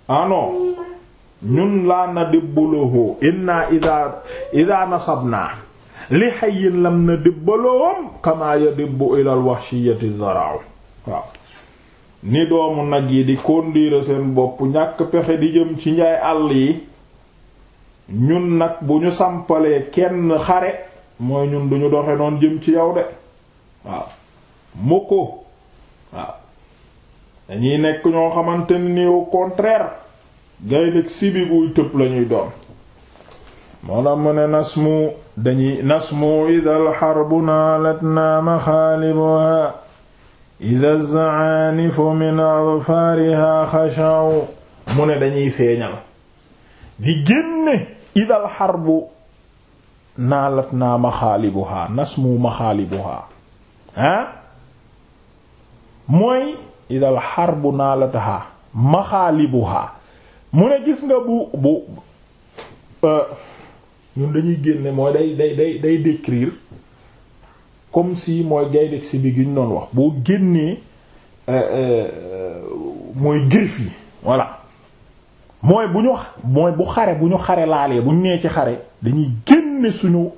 Speaker 1: anon ah ñun laa na dibbalowoo inna ida ida nasabna li hayyin lam na dibbalowam kama yadibbu ilal wahshiyati dhara'u waaw ni doomu nag yi di conduire seen bopp ñàkk pexe di jëm ci njaay àll yi ñun nag bu ñu sampalee kenn xare mooy ñun duñu doxe noon jëm ci yow de waaw mukko waaw dañuy nekk ñoo xamante ni au contraire gaynde sibi guy tëb lañuy doon moo tax mu ne nasmu dañuy nasmu ida alxarbu naalat naa maxaalibuha ida zaanifu min adfaariha xashaw mu ne dañuy feeñal di génne ida ma naalat naa maxaalibuha nasmu maxaalibuha ah mooy idal harbu naalataha maxaalibuha mu ne gis nga bu bu euh, ñun dañuy génne mooy day day day day décrire comme si mooy gaynde si bi gi ñu doon wax boo génnee euh, euh, mooy griff yi voilà mooy bu ñu bu xare bu ñu xare laalee bu ñu nee ci xare dañuy génne suñu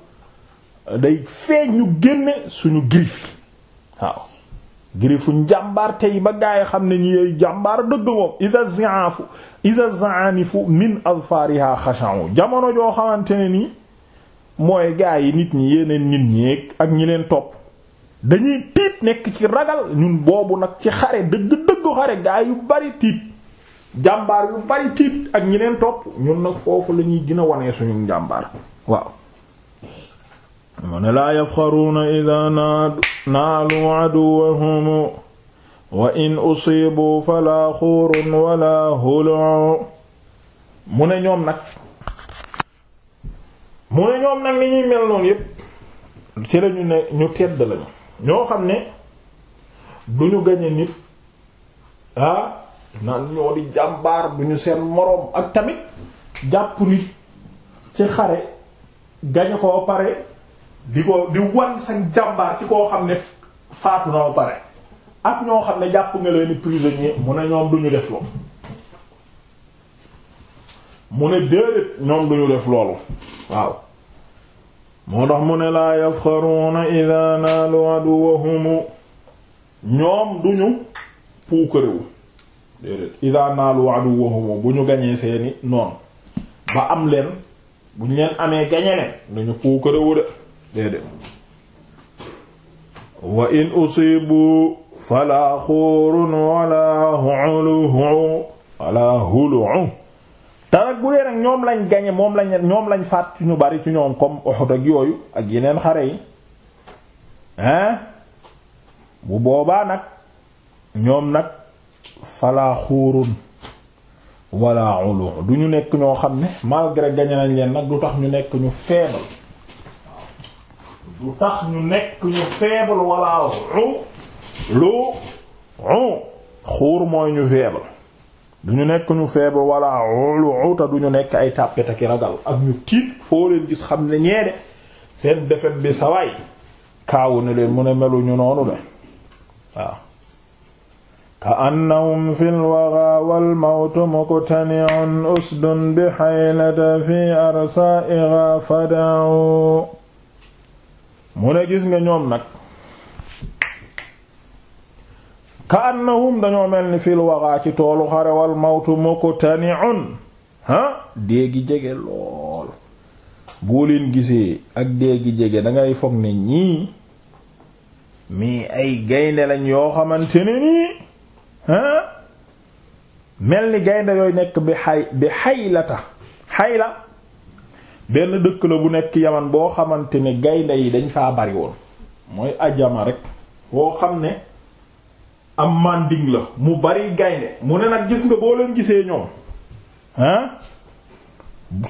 Speaker 1: day feeñ ñu génne suñu griff yi waaw girifu njàmbaar tey ba gaa yi xam ne ñi yoy jàmbaar dëgg moom ida zi'afu ida zaanifu min azfariha xasha'u jamono joo xamante ne ni mooy gaa yi nit ñi yeneen nit ñeeg ak ñi leen topp dañuy tiit nekk ci ragal ñun boobu nag ci xare dëgg-dëgg xare gaa yu bari tiit jàmbaar yu bari tiit ak ñi leen topp ñun nag foofu lañuy ñuy wane suñu njàmbaar waaw mu ne laa yafxaruuna ida naalu aduwahum wa in usiibu falaa xuurun wala hulu mu ne ñoom nag mu ne ñoom nag ni ñuy mel noonu yépp ci lañu ne ñu tedd lañu ñoo xam ne duñu gañe nit ah naan ñoo di jàmbaar duñu seen moroom ak tamit jàpp nit ci xare gañe ko pare di ko di wan sa jàmbaar ci koo xam ne faatu na ba pare ak ñoo xam ne jàpp nga leen prisonnier mu ne ñoom duñu def loolu mu ne déedéet ñoom duñu def loolu waaw moo tax mu ne laa yafxaruuna ida naalu aduwahumu ñoom duñu puukarewu déedéet ida naalu aduwahumu bu ñu gañee seeni noonu ba am leen buñ leen amee gañe ne duñu puukarewu de déedéet wa in usibu fala xuurun wala hulu hulu te nag bu dee nag ñoom lañ gañe moom lañ ñoom lañ faat ci ñu bari ci ñoom comme Uhud ak yooyu ak yeneen xare yi hein bu boobaa nag ñoom nag fala xuurun wala du ñu nekk ñoo xam ne malgré gañe nañ leen nag du tax ñu nekk ñu faible du tax ñu nekk ñu faible wala u lu xuur mooy ñu faible du ñu nekk ñu faible wala lu u te du ñu nekk ay tàppet ak ragal ak ñu tiit foo leen gis xam ne ñeede seen defet bi sawaay kaawu ne leen mu ne melu ñu noonu de waaw ka annahum fi lwaga walmawtu muktani'un usdun bi haylata fi arsa'iha fada'u mu ne gis nga ñoom nag ka annahum dañoo mel ni fil waxaa ci toolu xare wal mawtu muqtani'un ha dee gi lool boo leen gisee ak dee jége jege dangay foog ne ñii mii ay gaynde lañ yoo xamante nii ha mel ni gaynde yooyu nekk bi xay bi xaylata xayla benn dëkk la bu nekk yaman boo xamante ne gaynde yi dañ faa bari woon mooy ajama rek boo xam ne am manding la mu bari gaynde mu ne nag gis nga boo leen gisee ñoom hein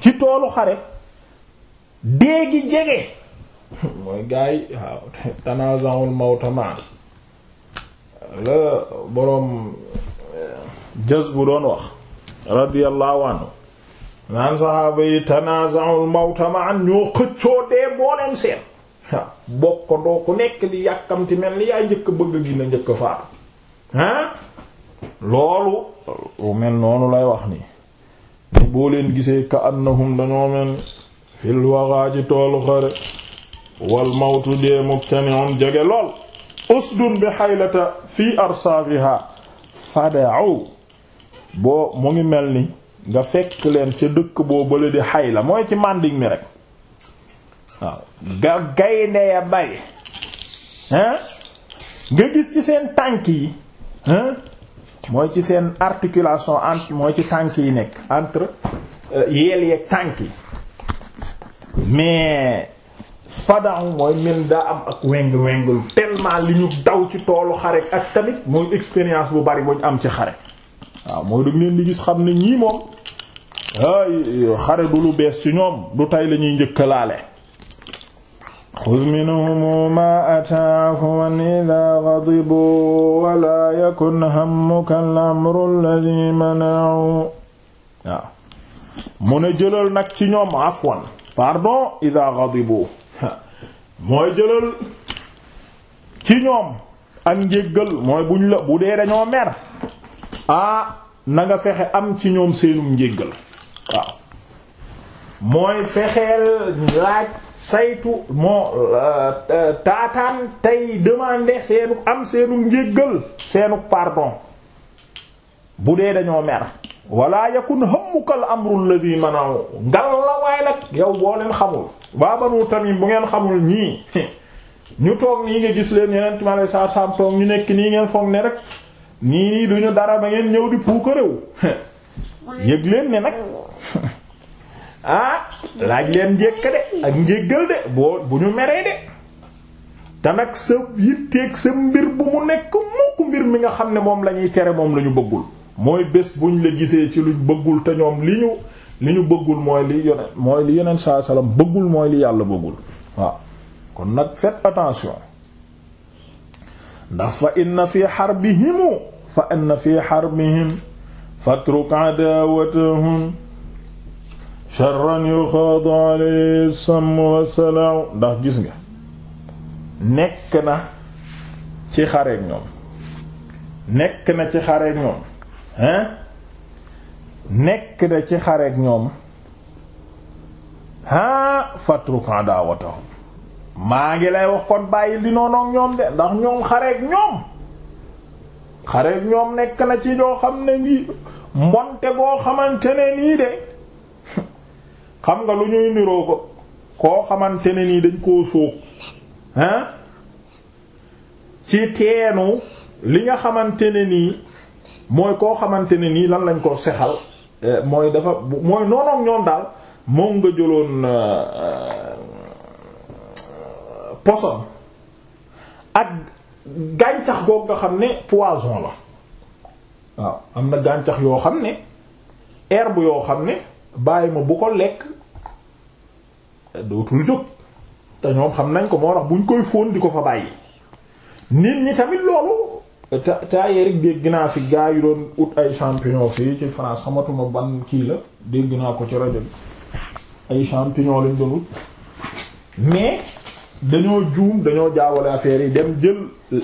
Speaker 1: ci toolu xare dee gi jege mooy gars yi waaw tanaza'ul mawtama la boroom eh, jaz bu doon wax radiyallahu anhu naan saxaaba yi tanaaza'ul mawta ma'an ñoo xëccoo dee booleem seen waaw bokkandoo ku nekk di yàkkamti mel ni yaa njëkk bëgg gi na njëkk faatu loolu mel noonu lay wax nii ñu boo leen gisee ka annahum dañoo mel fil waxaa ci xare wal mawtu dee muktani'un jege lool usdun bi xaylata fii arsaafiha fada'u boo mu ngi mel ni nga fekk leen ca dëkk boo bële di xay la mooy ci mànding mi rek waaw ga gaynde ya bari hein nga gis ci seen tànk yi hein mooy ci seen articulation entre mooy ci tànk yi nekk entre euh, yeel yeeg tànk yi mais fadaw mooy mel daa am ak weng-wengul tellement li ñu daw ci toolu xare ak tamit mooy expérience bu bari bu am ci xare waaw mooy dëgg leen di gis xam ne ñii moom ay xare du lu bees ci ñoom du tey lañuy njëkkalaale xuz minhum ma ataa afwan ida gadibu wala yakun hammuka al-amru alladhi jëlal nag ci ñoom afwan mooy jëlal ci ñoom ak njéggal mooy buñ la bu dee dañoo mer ah nanga fexe am ci ñoom seenum njéggal waaw mooy fexeel laaj saytu moo euh, euh, taataan tey demander seenu am seenum njéggal seenu pardon bu dee dañoo mer wala yakun hammukal amru alladhi manaw ngal la waay nag yow boo leen xamul waa banu tamim bu ngeen xamul ñii ñu toog nii nga gis leen yeneen ma lay sa sam ñu nekk nii ngeen foog ne rek nii nii duñu dara ba ngeen ñëw di puukarew yëg leen ne nag ah laaj leen njëkka de ak njéggal de boo bu ñu meree de te nag sa yitteeg sa mbir bu mu nekk mukk mbir mi nga xam ne moom lañuy tere moom lañu bëggul mooy bés buñ la gisee ci lu bëggul te ñoom li ñu li ñu bëggul mooy li yoneen mooy li yoneen saa salaam bëggul mooy li yàlla bëggul waaw kon nag faites attention ndax fa inna fi harbihimu fa ann fi xarbihim fatruk adaawatahum charran yuxaadu alayhi samm wasalaaw ndax gis nga nekk na ci xareek ñoom nekk na ci xareek ñoom hein nekk na ci xareek ñoom haa fatruk adaawatahum maa ngi lay wax kon bàyyi li noonook ñoom de ndax ñoom xareek ñoom xareek ñoom nekk na ci joo xam ne ngi mbonte boo xamante ne nii de xam nga lu ñuy niroo ko koo xamante ne nii dañ koo sóog hein ci teenu li nga xamante ne nii mooy koo xamante ne nii lan lañ ko sexal eh, mooy dafa mooy noonoom ñoom daal moom nga jëloon euh, euh, poson ak gàncax googu nga xam ne poison la waaw am na gàncax yoo xam ne herbe yoo xam ne bàyyi ma bu ko lekk dootul jóg te ñoom xam nañ ko moo tax buñ koy fóon di ko fa bàyyi nit ñi tamit loolu ta taayee rek dégg naa fi gaa yu doon ut ay champignon fii ci France xamatuma ban kii la dégg naa ko ci rajo bi ay champignon lañ doon ut mais dañoo juum dañoo jaawale affaire yi dem jël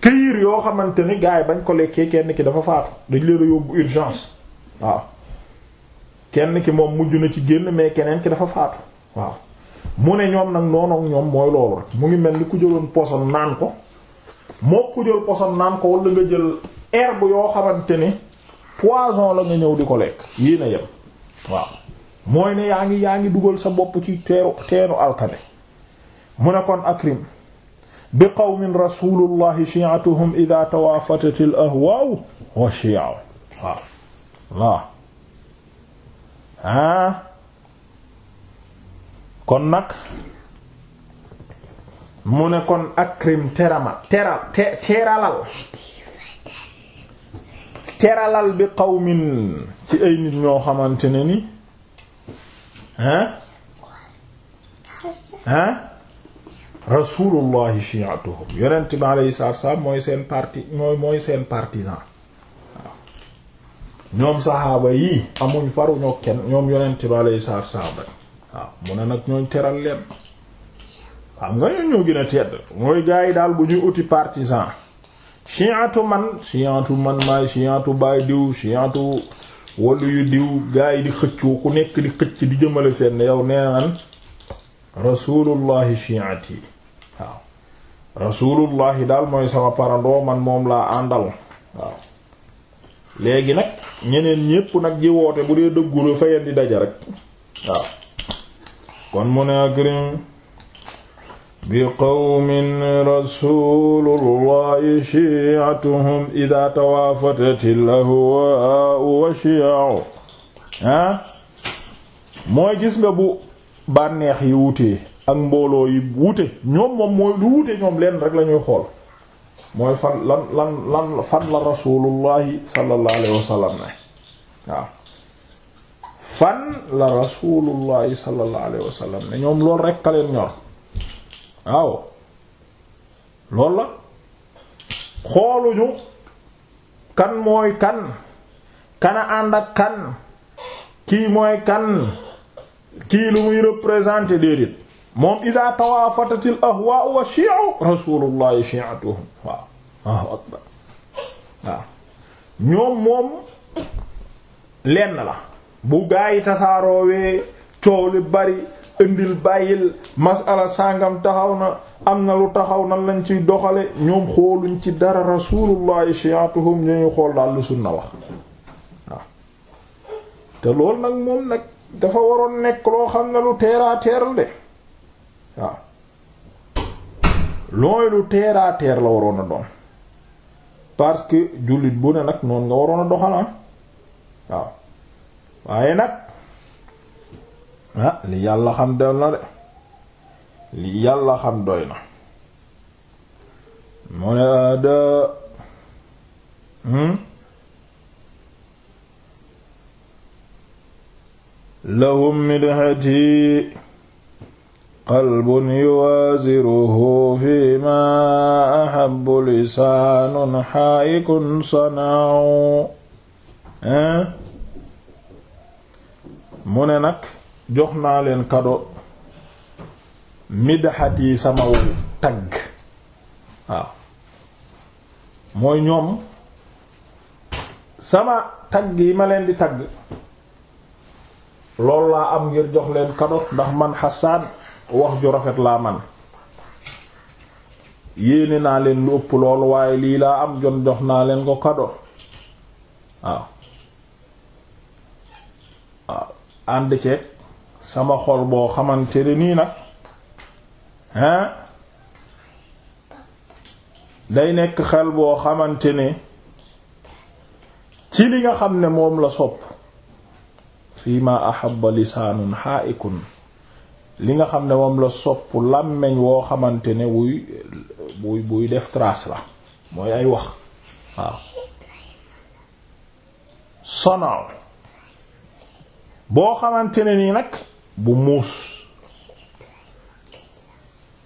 Speaker 1: këyir yoo xamante ni gars yi bañ ko lekkee kenn ki dafa faatu dañ leen a yóbbu urgence waaw kenn ki moom mujj na ci génn mais keneen ki dafa faatu waaw mu ne ñoom nag noonu ñoom mooy loolu rek mu ngi mel ni ku jëloon poison naan ko moo ku jël poison naan ko wala nga jël herbe yoo xamante ni poison la nga ñëw di ko lekk yii a yem waaw mooy ne yaa ngi yaa ngi dugal sa bopp ci teeru teenu alkane mu ne kon akrim bi qawmin rasulullahi shi'atuhum idha tawaafatat al ahwaa wa shi'a waaw waaw kon nag mu ne kon akrim terama teral teralal teralal bi qawmin ci ay nit ñoo xamante ne ni ah ah rasulullahi shi'atuhum yonent bi alayhi salaatu salaam mooy seen parti mooy seen partisan waaw ñoom saxaaba yi amuñ faru ñoo kenn ñoom yonent bi alayhi salaatu salaam rek waaw mu ne nag ñooñ teral leen xam nga ñoo ñoo gën a tedd mooy gars daal bu ñuy uti partisan shi'atu man shi'atu man maay shi'atu baay diw shi'atu walu yu diw gars yi di xëccoo ku nekk di xëcc di jëmale fenn yow nee naan rasulullahi shi'ati waaw rasulullahi daal mooy sama parandoo man moom laa àndal waaw léegi nag ñeneen ñépp nag ji woote bu dee dëggulu fayen di daja rek waaw kon mu ne akrim bi qawmin rasulullahi shi'atuhum idha tawafatatil ahwa'u wa ah. mooy gis nga bu bànneex yi wutee ak mbooloo yi wute ñoom moom mooy lu wute ñoom leen rek la ñuy xool mooy fan lan lan lan fan la rasulullahi sallallahu alayhi wasallam ne waaw fan la rasulullahi sallallahu alayhi wasallam ne ñoom loolu rek ka leen ñor waaw loolu la xooluñu kan mooy kan kana ànd ak kan kii mooy kan kii lu muy représenter déedéet moom ida tawafatati l ahwaau wa chiau rasulullahi chiatuhum waaw waaw akbar waaw ñoom moom lenn la bu gaa yi tasaaroowee coow li bari indil bàyyil masala sàngam taxaw na am na lu taxaw na lañ ciy doxale ñoom xooluñ ci dara rasulullahi chiatuhum ñuñuy xool daal lu sunna wax te loolu nag moom nag dafa waroon nekk loo xam ne lu teeraa teeral de waaw looy lu terre à la waroon a doon parce que jullit bu ne nag noonu nga waroon a doxal ah. waaw waaye nag ah li yàlla xam doy na de li yàlla xam doy na mu ne ada ah, hmm? lahum midhati qalbun yuwaaziruhu fi ma ahabu lisaanun xaayikun sanaaw mu ne nag jox naa leen kado middaxat yi sama tagg waaw mooy ñoom sama tagg yi ma leen di tagg loolu laa am ngir jox leen kado ndax man xasaan wax ju rafet laa man yéene naa leen lu ëpp loolu waaye lii laa am jon jox naa leen ko kado waaw waaw ceeg sama xol boo xamante nii nag hein day nekk xel boo xamante ne ci li nga xam ne moom la sopp fii ma ahabba lisaanun xaa'ikun li nga xam ne moom la sopp làmmeñ woo xamante ne wuy buy buy def trace la mooy ay wax waaw sonaaw boo xamante ne nii nag bu muus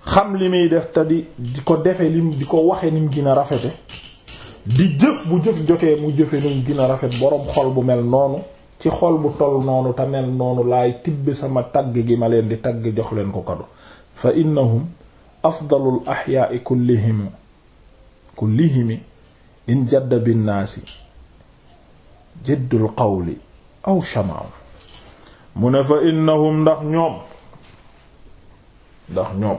Speaker 1: xam li muy def te di di ko defe mu di ko waxe nim gën a rafete di jëf bu jëf jotee mu jëfe nim gën a rafet boroom xol bu mel noonu ci xool bu toll noonu te mel noonu laay tibbi sama tagg gi ma leen di tagg jox leen ko kado fa innahum afdalul axyaai kullihim kullihimi in jadda binnaasi jiddul qawli aw chamaaw mu ne fa innahum ndax ñoom ndax ñoom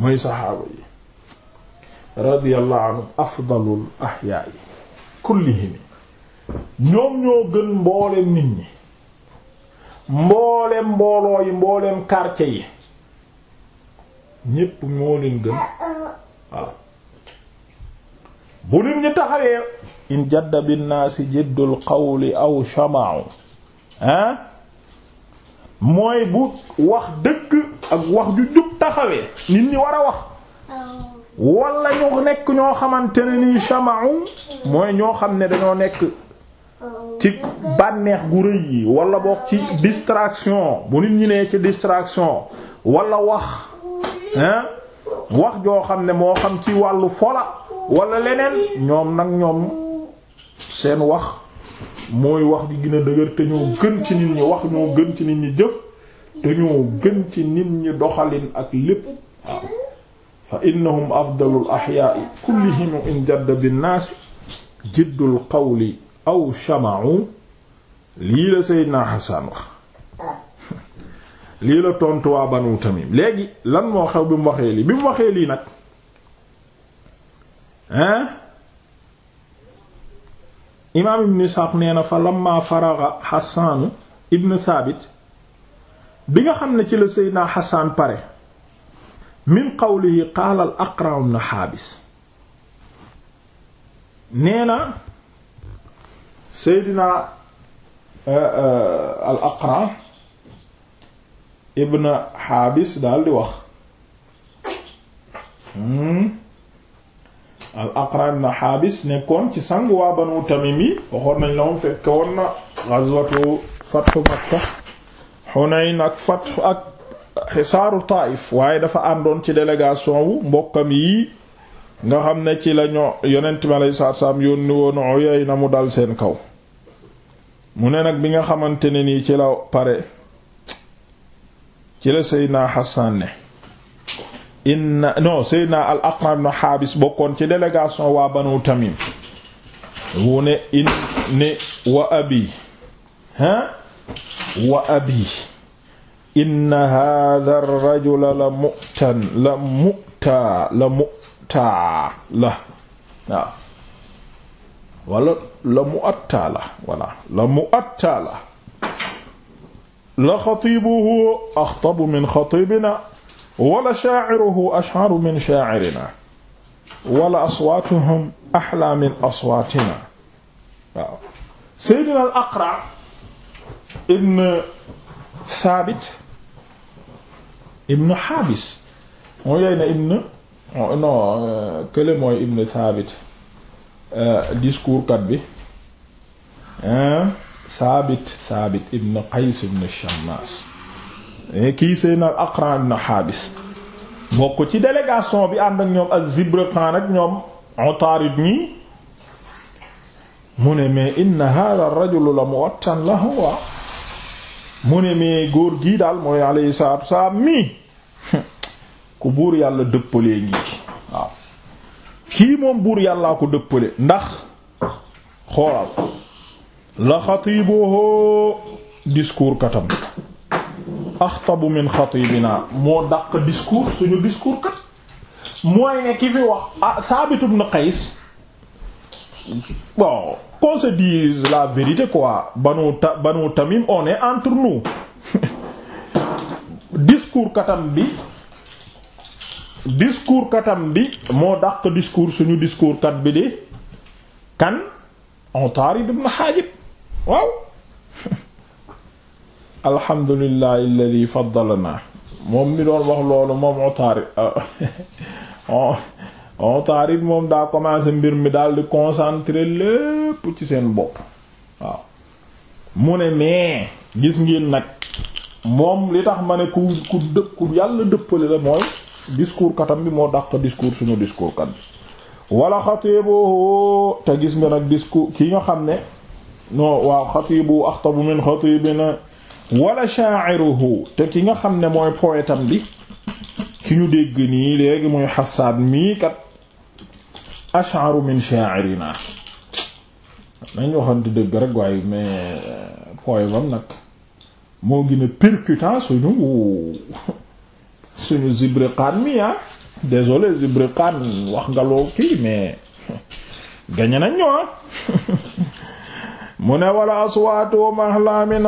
Speaker 1: mooy saxaaba yi radiyallahu anhum afdalul axyaai kullihimi ñoom ñoo gën mbooleem nit ñi mbooleem mbooloo yi mbooleem quartier yi ñépp moo leen gën waaw bu nit ñi taxawee in jadda binnaasi jiddul qawli aw shama'u hein mooy bu wax dëgg ak wax ju jub taxawee nit ñi war a wax oh. wala ñu nekk ñoo xamante ne nii shama'u mooy ñoo xam ne dañoo nekk ci bànneex gu rëy yi walla boog ci distraction bu nit ñi nee ci distraction wala wax hein wax joo xam ne moo xam ci wàllu fola wala leneen ñoom nag ñoom seen wax mooy wax gi gën a dëgër te ñoo gën ci nit ñi gën ci nit ñi jëf te ñoo gën ci nit ñi doxalin ak lépp waaw fa innahum afdalul axyaai kullihim in jadd binnaas jiddul qawli aw shama'u lii la Seydina Hassan wax lii la tontu waa Banu Tamim léegi lan moo xew bi mu waxee lii bi mu waxee lii nag hein imaam ibn Isxaaq nee na fa lamma faraga Hassan ibn Thabit bi nga xam ne ci la Seydina Hassan pare min qawlihi qaala al-Aqra' ibn Haabis nee na seydina eh, eh, al aqra ibn xaabis daldi wax hmm. al aqra ibn xaabis nekkoon ci sang waa banu tamim yi waxoon nañ la moom gazwatu fathu makka xunayn ak fathu ak xisaaru taif waaye dafa àndoon ci délégation wu mbokkam yi nga xam ne ci lañu yonent mi alayhi salaatu salaam yónni mu dal seen kaw mu ne nag bi nga xamante ne nii ci la pare ci la Seydina Hassan ne inna non Seydina al Aqra ibn Haabis bokkoon ci délégation waa Banu Tamim wu ne in ne wa abi ha wa abi inna hadha ar-rajula la mu'tan la mu'ta la mu taa la waaw wala la mu attaa la wala la mu attaa la la xatiibuhu axtabu min xatiibina wala shaa'iruhu ash'aru min shaa'irina wala aswaatuhum axlaa min aswaatina waaw Seydina al Aqra ibn Saabit ibn Haabis mooy lay na ibn Oh, non euh, kële mooy ibn Saabit euh, discours kat bi Saabit Saabit ibn Qays ibn Shammas kii Seydina Aqra ibn Haabis bokk ci délégation bi ànd ak ñoom az-Zibriqaan ak ñoom Utaarid mu ne mais inna hadha ar-rajulu la mu'attan lahu wa mu ne mais góor gii daal mooy alayhi salaatu wa salaam mi buur yàlla dëppalee ngi waaw kii moom buur yàllaa ko dëppale ndax xoolal la xatiibuhu discours katam axtabu min xatibina moo dàq discours suñu discours kat mooy ne fi wax ah Saabit ibn Qays bon qu'on se dise la vérité quoi banu ta banu entre nous discours katam bi discours katam bi moo dàq discours suñu discours kat bi di kan Utarid ibn Hajib waaw alhamdulillahi alladhi faddalana moom mi doon wax loolu moom Utarid Utarid moom daa commencé mbir mi daal di concentré lépp ci seen bopp waaw mu ne mais gis ngeen nag moom li tax ma ne ku ku dëpp ku yàlla dëppale la mooy discours katam bi moo dàq discours suñu discours kat bi wala xatiibuhu te gis nga nag discours ki nga xam ne non waaw xatiibu axtabu min xatibina wala sha'iruhu te ki nga xam ne mooy poètam bi ki ñu dégg nii léegi muy xasaan mii kat ash'aru min sha'irina nañ waxante dëgg rek waaye mais euh, poème am nag moo gën a percutant suñu suñu Zibriqaan mi ah désolé Zibriqaan wax nga loo kii mais gañe nañ ñoo ah mu ne wala aswaatuhum ahlaa min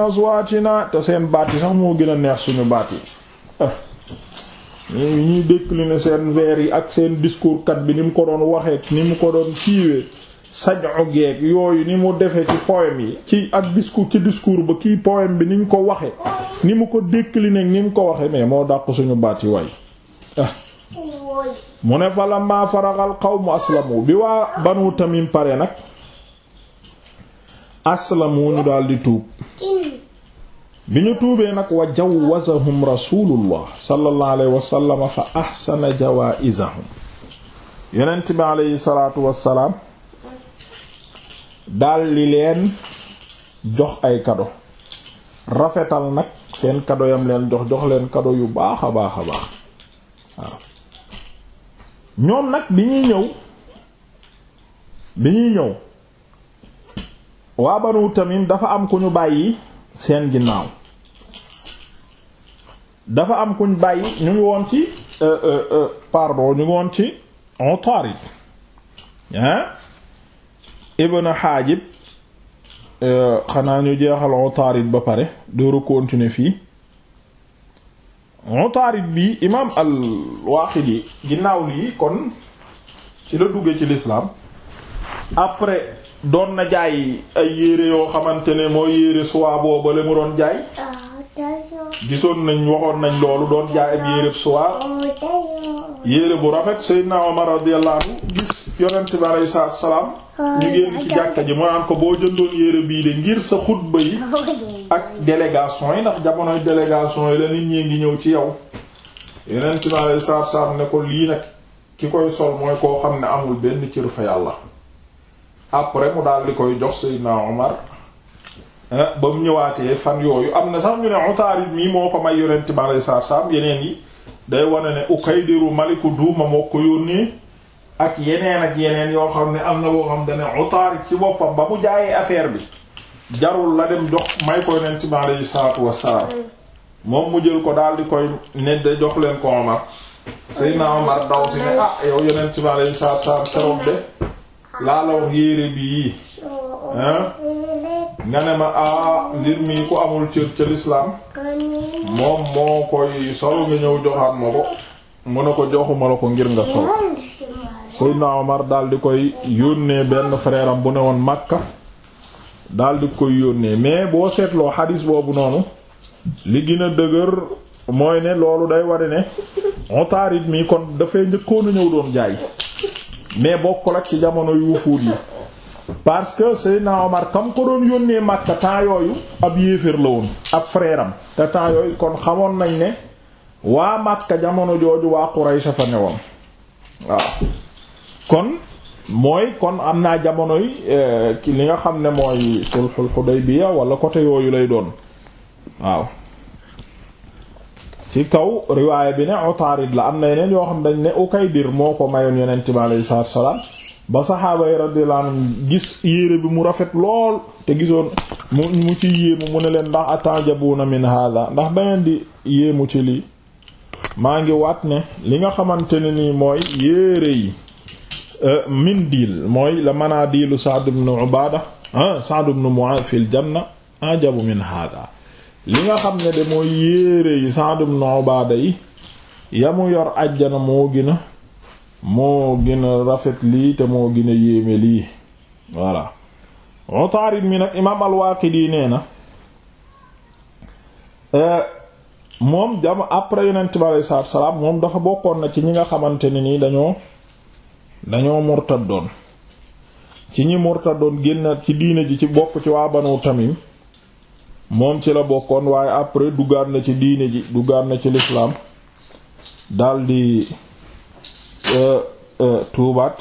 Speaker 1: te seen baat yi sax moo gën a neex suñu baat yi ah ñuy décliner seen vers yi ak seen discours kat bi ni mu ko doon waxee ni mu ko doon siiwee sajo geeg yooyu ni mu defe ci poème yi ci ak discours ci discours ba kii poème bi ni ñu ko waxe ni mu ko décliné ni mu ko waxe mais moo dàq suñu baat yi way ah mu ne fa la maa faraxal qawmu aslamu bi waa ba banu tamim pare nag aslamu ñu daal di tuub bi ñu tuubee nag wa jawwazahum rasulullah sallallahu alayhi wa sallam fa ahsana jawaizahum yonent bi alayhi salaatu wassalaam dàll daldi leen jox ay kado rafetal nag seen kado yam leen jox jox leen kado yu baax a baax a baax waaw ñoom nag bi ñuy ñëw bi ñuy ñëw waa tamit dafa am ku ñu bàyyi seen ginnaaw dafa am ku ñu bàyyi ñu ngi woon ci euh, euh, euh, pardon ñu ngi woon ci Utarib ibn Haajib eh, xanaa ñu jeexal Utaarid ba pare dooru continuer fii Utaarid bi imaam al-Waaqidi ginnaaw lii kon ci la duggee ci lislaam après doon na jaay ay yére yoo xamante ne mooy yére suwaa boobu la mu doon jaay gisoon nañ waxoon nañ loolu doon jaay ak yére suwaa oh, yére bu rafet Seydina Omar radiyallahu anhu gis yonent bi aleyhi salaatu salaam
Speaker 2: ñu ci jàkka
Speaker 1: ji mu naan ko boo jëndoon yére bii de ngir sa xutba yi ak délégation yi ndax jamonoy délégation yi la nit ñee ngi ñëw ci yow yonent bi aleyhi salaatu salaam ne ko lii nag ki koy sol mooy koo xam ne amul benn cër fa yàlla après mu daal di koy jox Seydina Omar eh, ba ñëwaatee fan yooyu am na sax ñu ne Utaarid mii moo ko may yonent bi aleyhi salaam yeneen yi day wane ne Ukaydiru maliku Duuma moo ko yónnee ak yeneen ak yeneen yoo xam ne am na boo xam dane Utaarid ci boppam ba mu jaayee affaire bi jarul la dem jox may koy neen ci ma alayhi salaatu wassalaam moom mu jël ko daal di koy ne de jox leen ko Omar Seydina Omar daw si ma ah, ne ma ah mbir mi ku amul cër ca lislaam moom moo koy solo nga ñëw joxaat ma ko mun na ko joxuma la ko ngir nga sol Seydina Omar daal di koy yónnee benn freeram bu ne woon Makka daal di koy yónnee mais boo seetloo xadis boobu noonu li gën a dëgër mooy ne loolu day wari ne Utaarid mi kon dafay njëkkoon a ñëw doon jaay mais bokk ak ci jamono yuufuut yi parce que Seydina Omar kam ko doon yónnee Makka temps yooyu ab yéeféer la woon ab frère te temps yooyu kon xamoon nañ ne waa Makka jamono jooju waa Quraysh fa newoon waaw kon mooy kon am naa jamonoy eh, li nga xam ne mooy sulhul Hudaybiya wala côté yooyu lay doon waaw ci kaw riwaaya bi ne Utaarid la am na yeneen yoo xam dañ ne Ukaydir moo ko mayoon yonent bi alayhi salaatu ba saxaaba yi radiyallahu anhum gis yére bi mu rafet lool te gisoon mu mu ci yéemu mu ne leen ndax atanjabuna min hada ndax dangeen di yéemu ci lii maa ngi waat ne li nga xamante ne nii mooy yére yi Euh, mindil mooy la manadilu Sa'd ibn Ubaada ah, Sa'd ibn fil janna ajabu min hada li nga xam ne de mooy yéere yi Sa'd ibn Ubaada yi ya yor àjjana moo gën a moo gën rafet lii te moo gën a yéeme lii voilà euh, moom jam après yonent bi alayhi salaatu salaam moom dafa bokkoon na ci ñi nga xamante ni nii dañoo dañoo murtadoon ci ñi murtadoon génna ci diine ji ci bokk ci waa banu tamim moom ci la bokkoon waaye après duggaat na ci diine ji duggaat na ci lislaam daldi euh, euh, tuubaat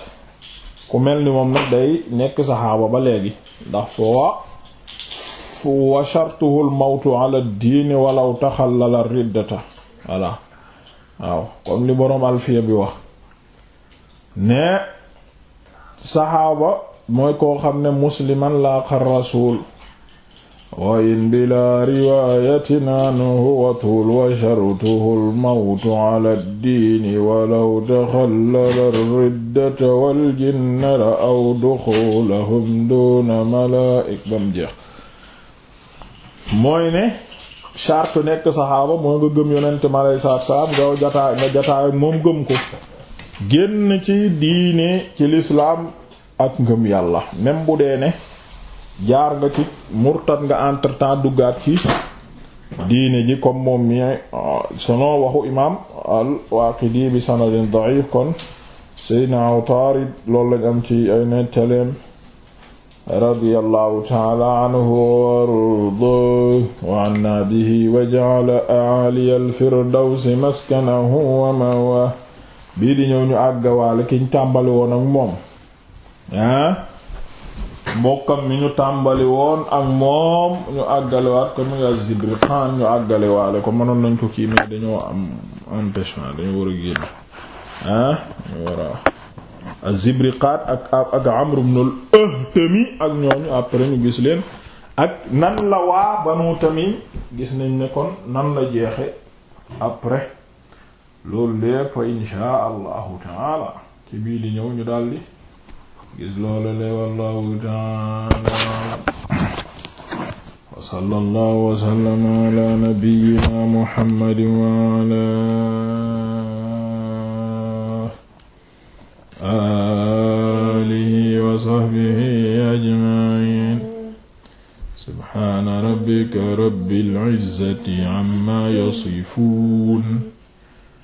Speaker 1: ku mel ni moom nag day nekk saxaaba ba léegi ndax foo wa shartuhul mawtu ala diini walaw taxallala riddata voilà waaw comme li boroom alfiya bi wax ne saxaaba mooy koo xam ne musliman laaqar rasul wa in bila riwayatin anhu watul wa sharutuhu almawtu ala ddiini walaw taxallala riddata waljinna la aw duxulahum duna malaik bam jeex mooy ne charte nekk saxaaba mooy nga gëm yonente mi aleyi salaam nga jataay moom gëm ko génn ci diine ci lislam ak ngëm yàlla même bu dee ne jaar nga ci murtad nga entre temps ci diine ji comme mi selon waxu imaam al-Waaqidi sanadin da'if kon Seydina Utaarid loolu lañ ci ay nettaleem radiyallahu ta'ala anhu warda wa anna bihi wa ja'ala a'ali al-firdawsi maskanahu wa bii di ñëw ñu àggawaale ki ñu tàmbali woon ak moom ah mbokkam mi ñu tàmbali woon ak moom ñu àggalewaat ko mu nga Zibriqaan ñu àggalewaale ko mënoon nañ ko kii mais dañoo am empêchement dañu war a génn ah ñu war a ak ak Amr ibn al-Ahtami ak ñooñu après ñu gis leen ak nan la waa Banu Tamim gis nañ ne kon nan la jeexe après loolu lépp fa inshaa allahu taala ci bii di ñëw ñu daldi gis loolu le wallahu taala wa sallallahu wa sallama ala nabiyyina muhammadin wa ala alihi wa sahbihi ajma'in subhana rabbika rabbil izzati amma yasifun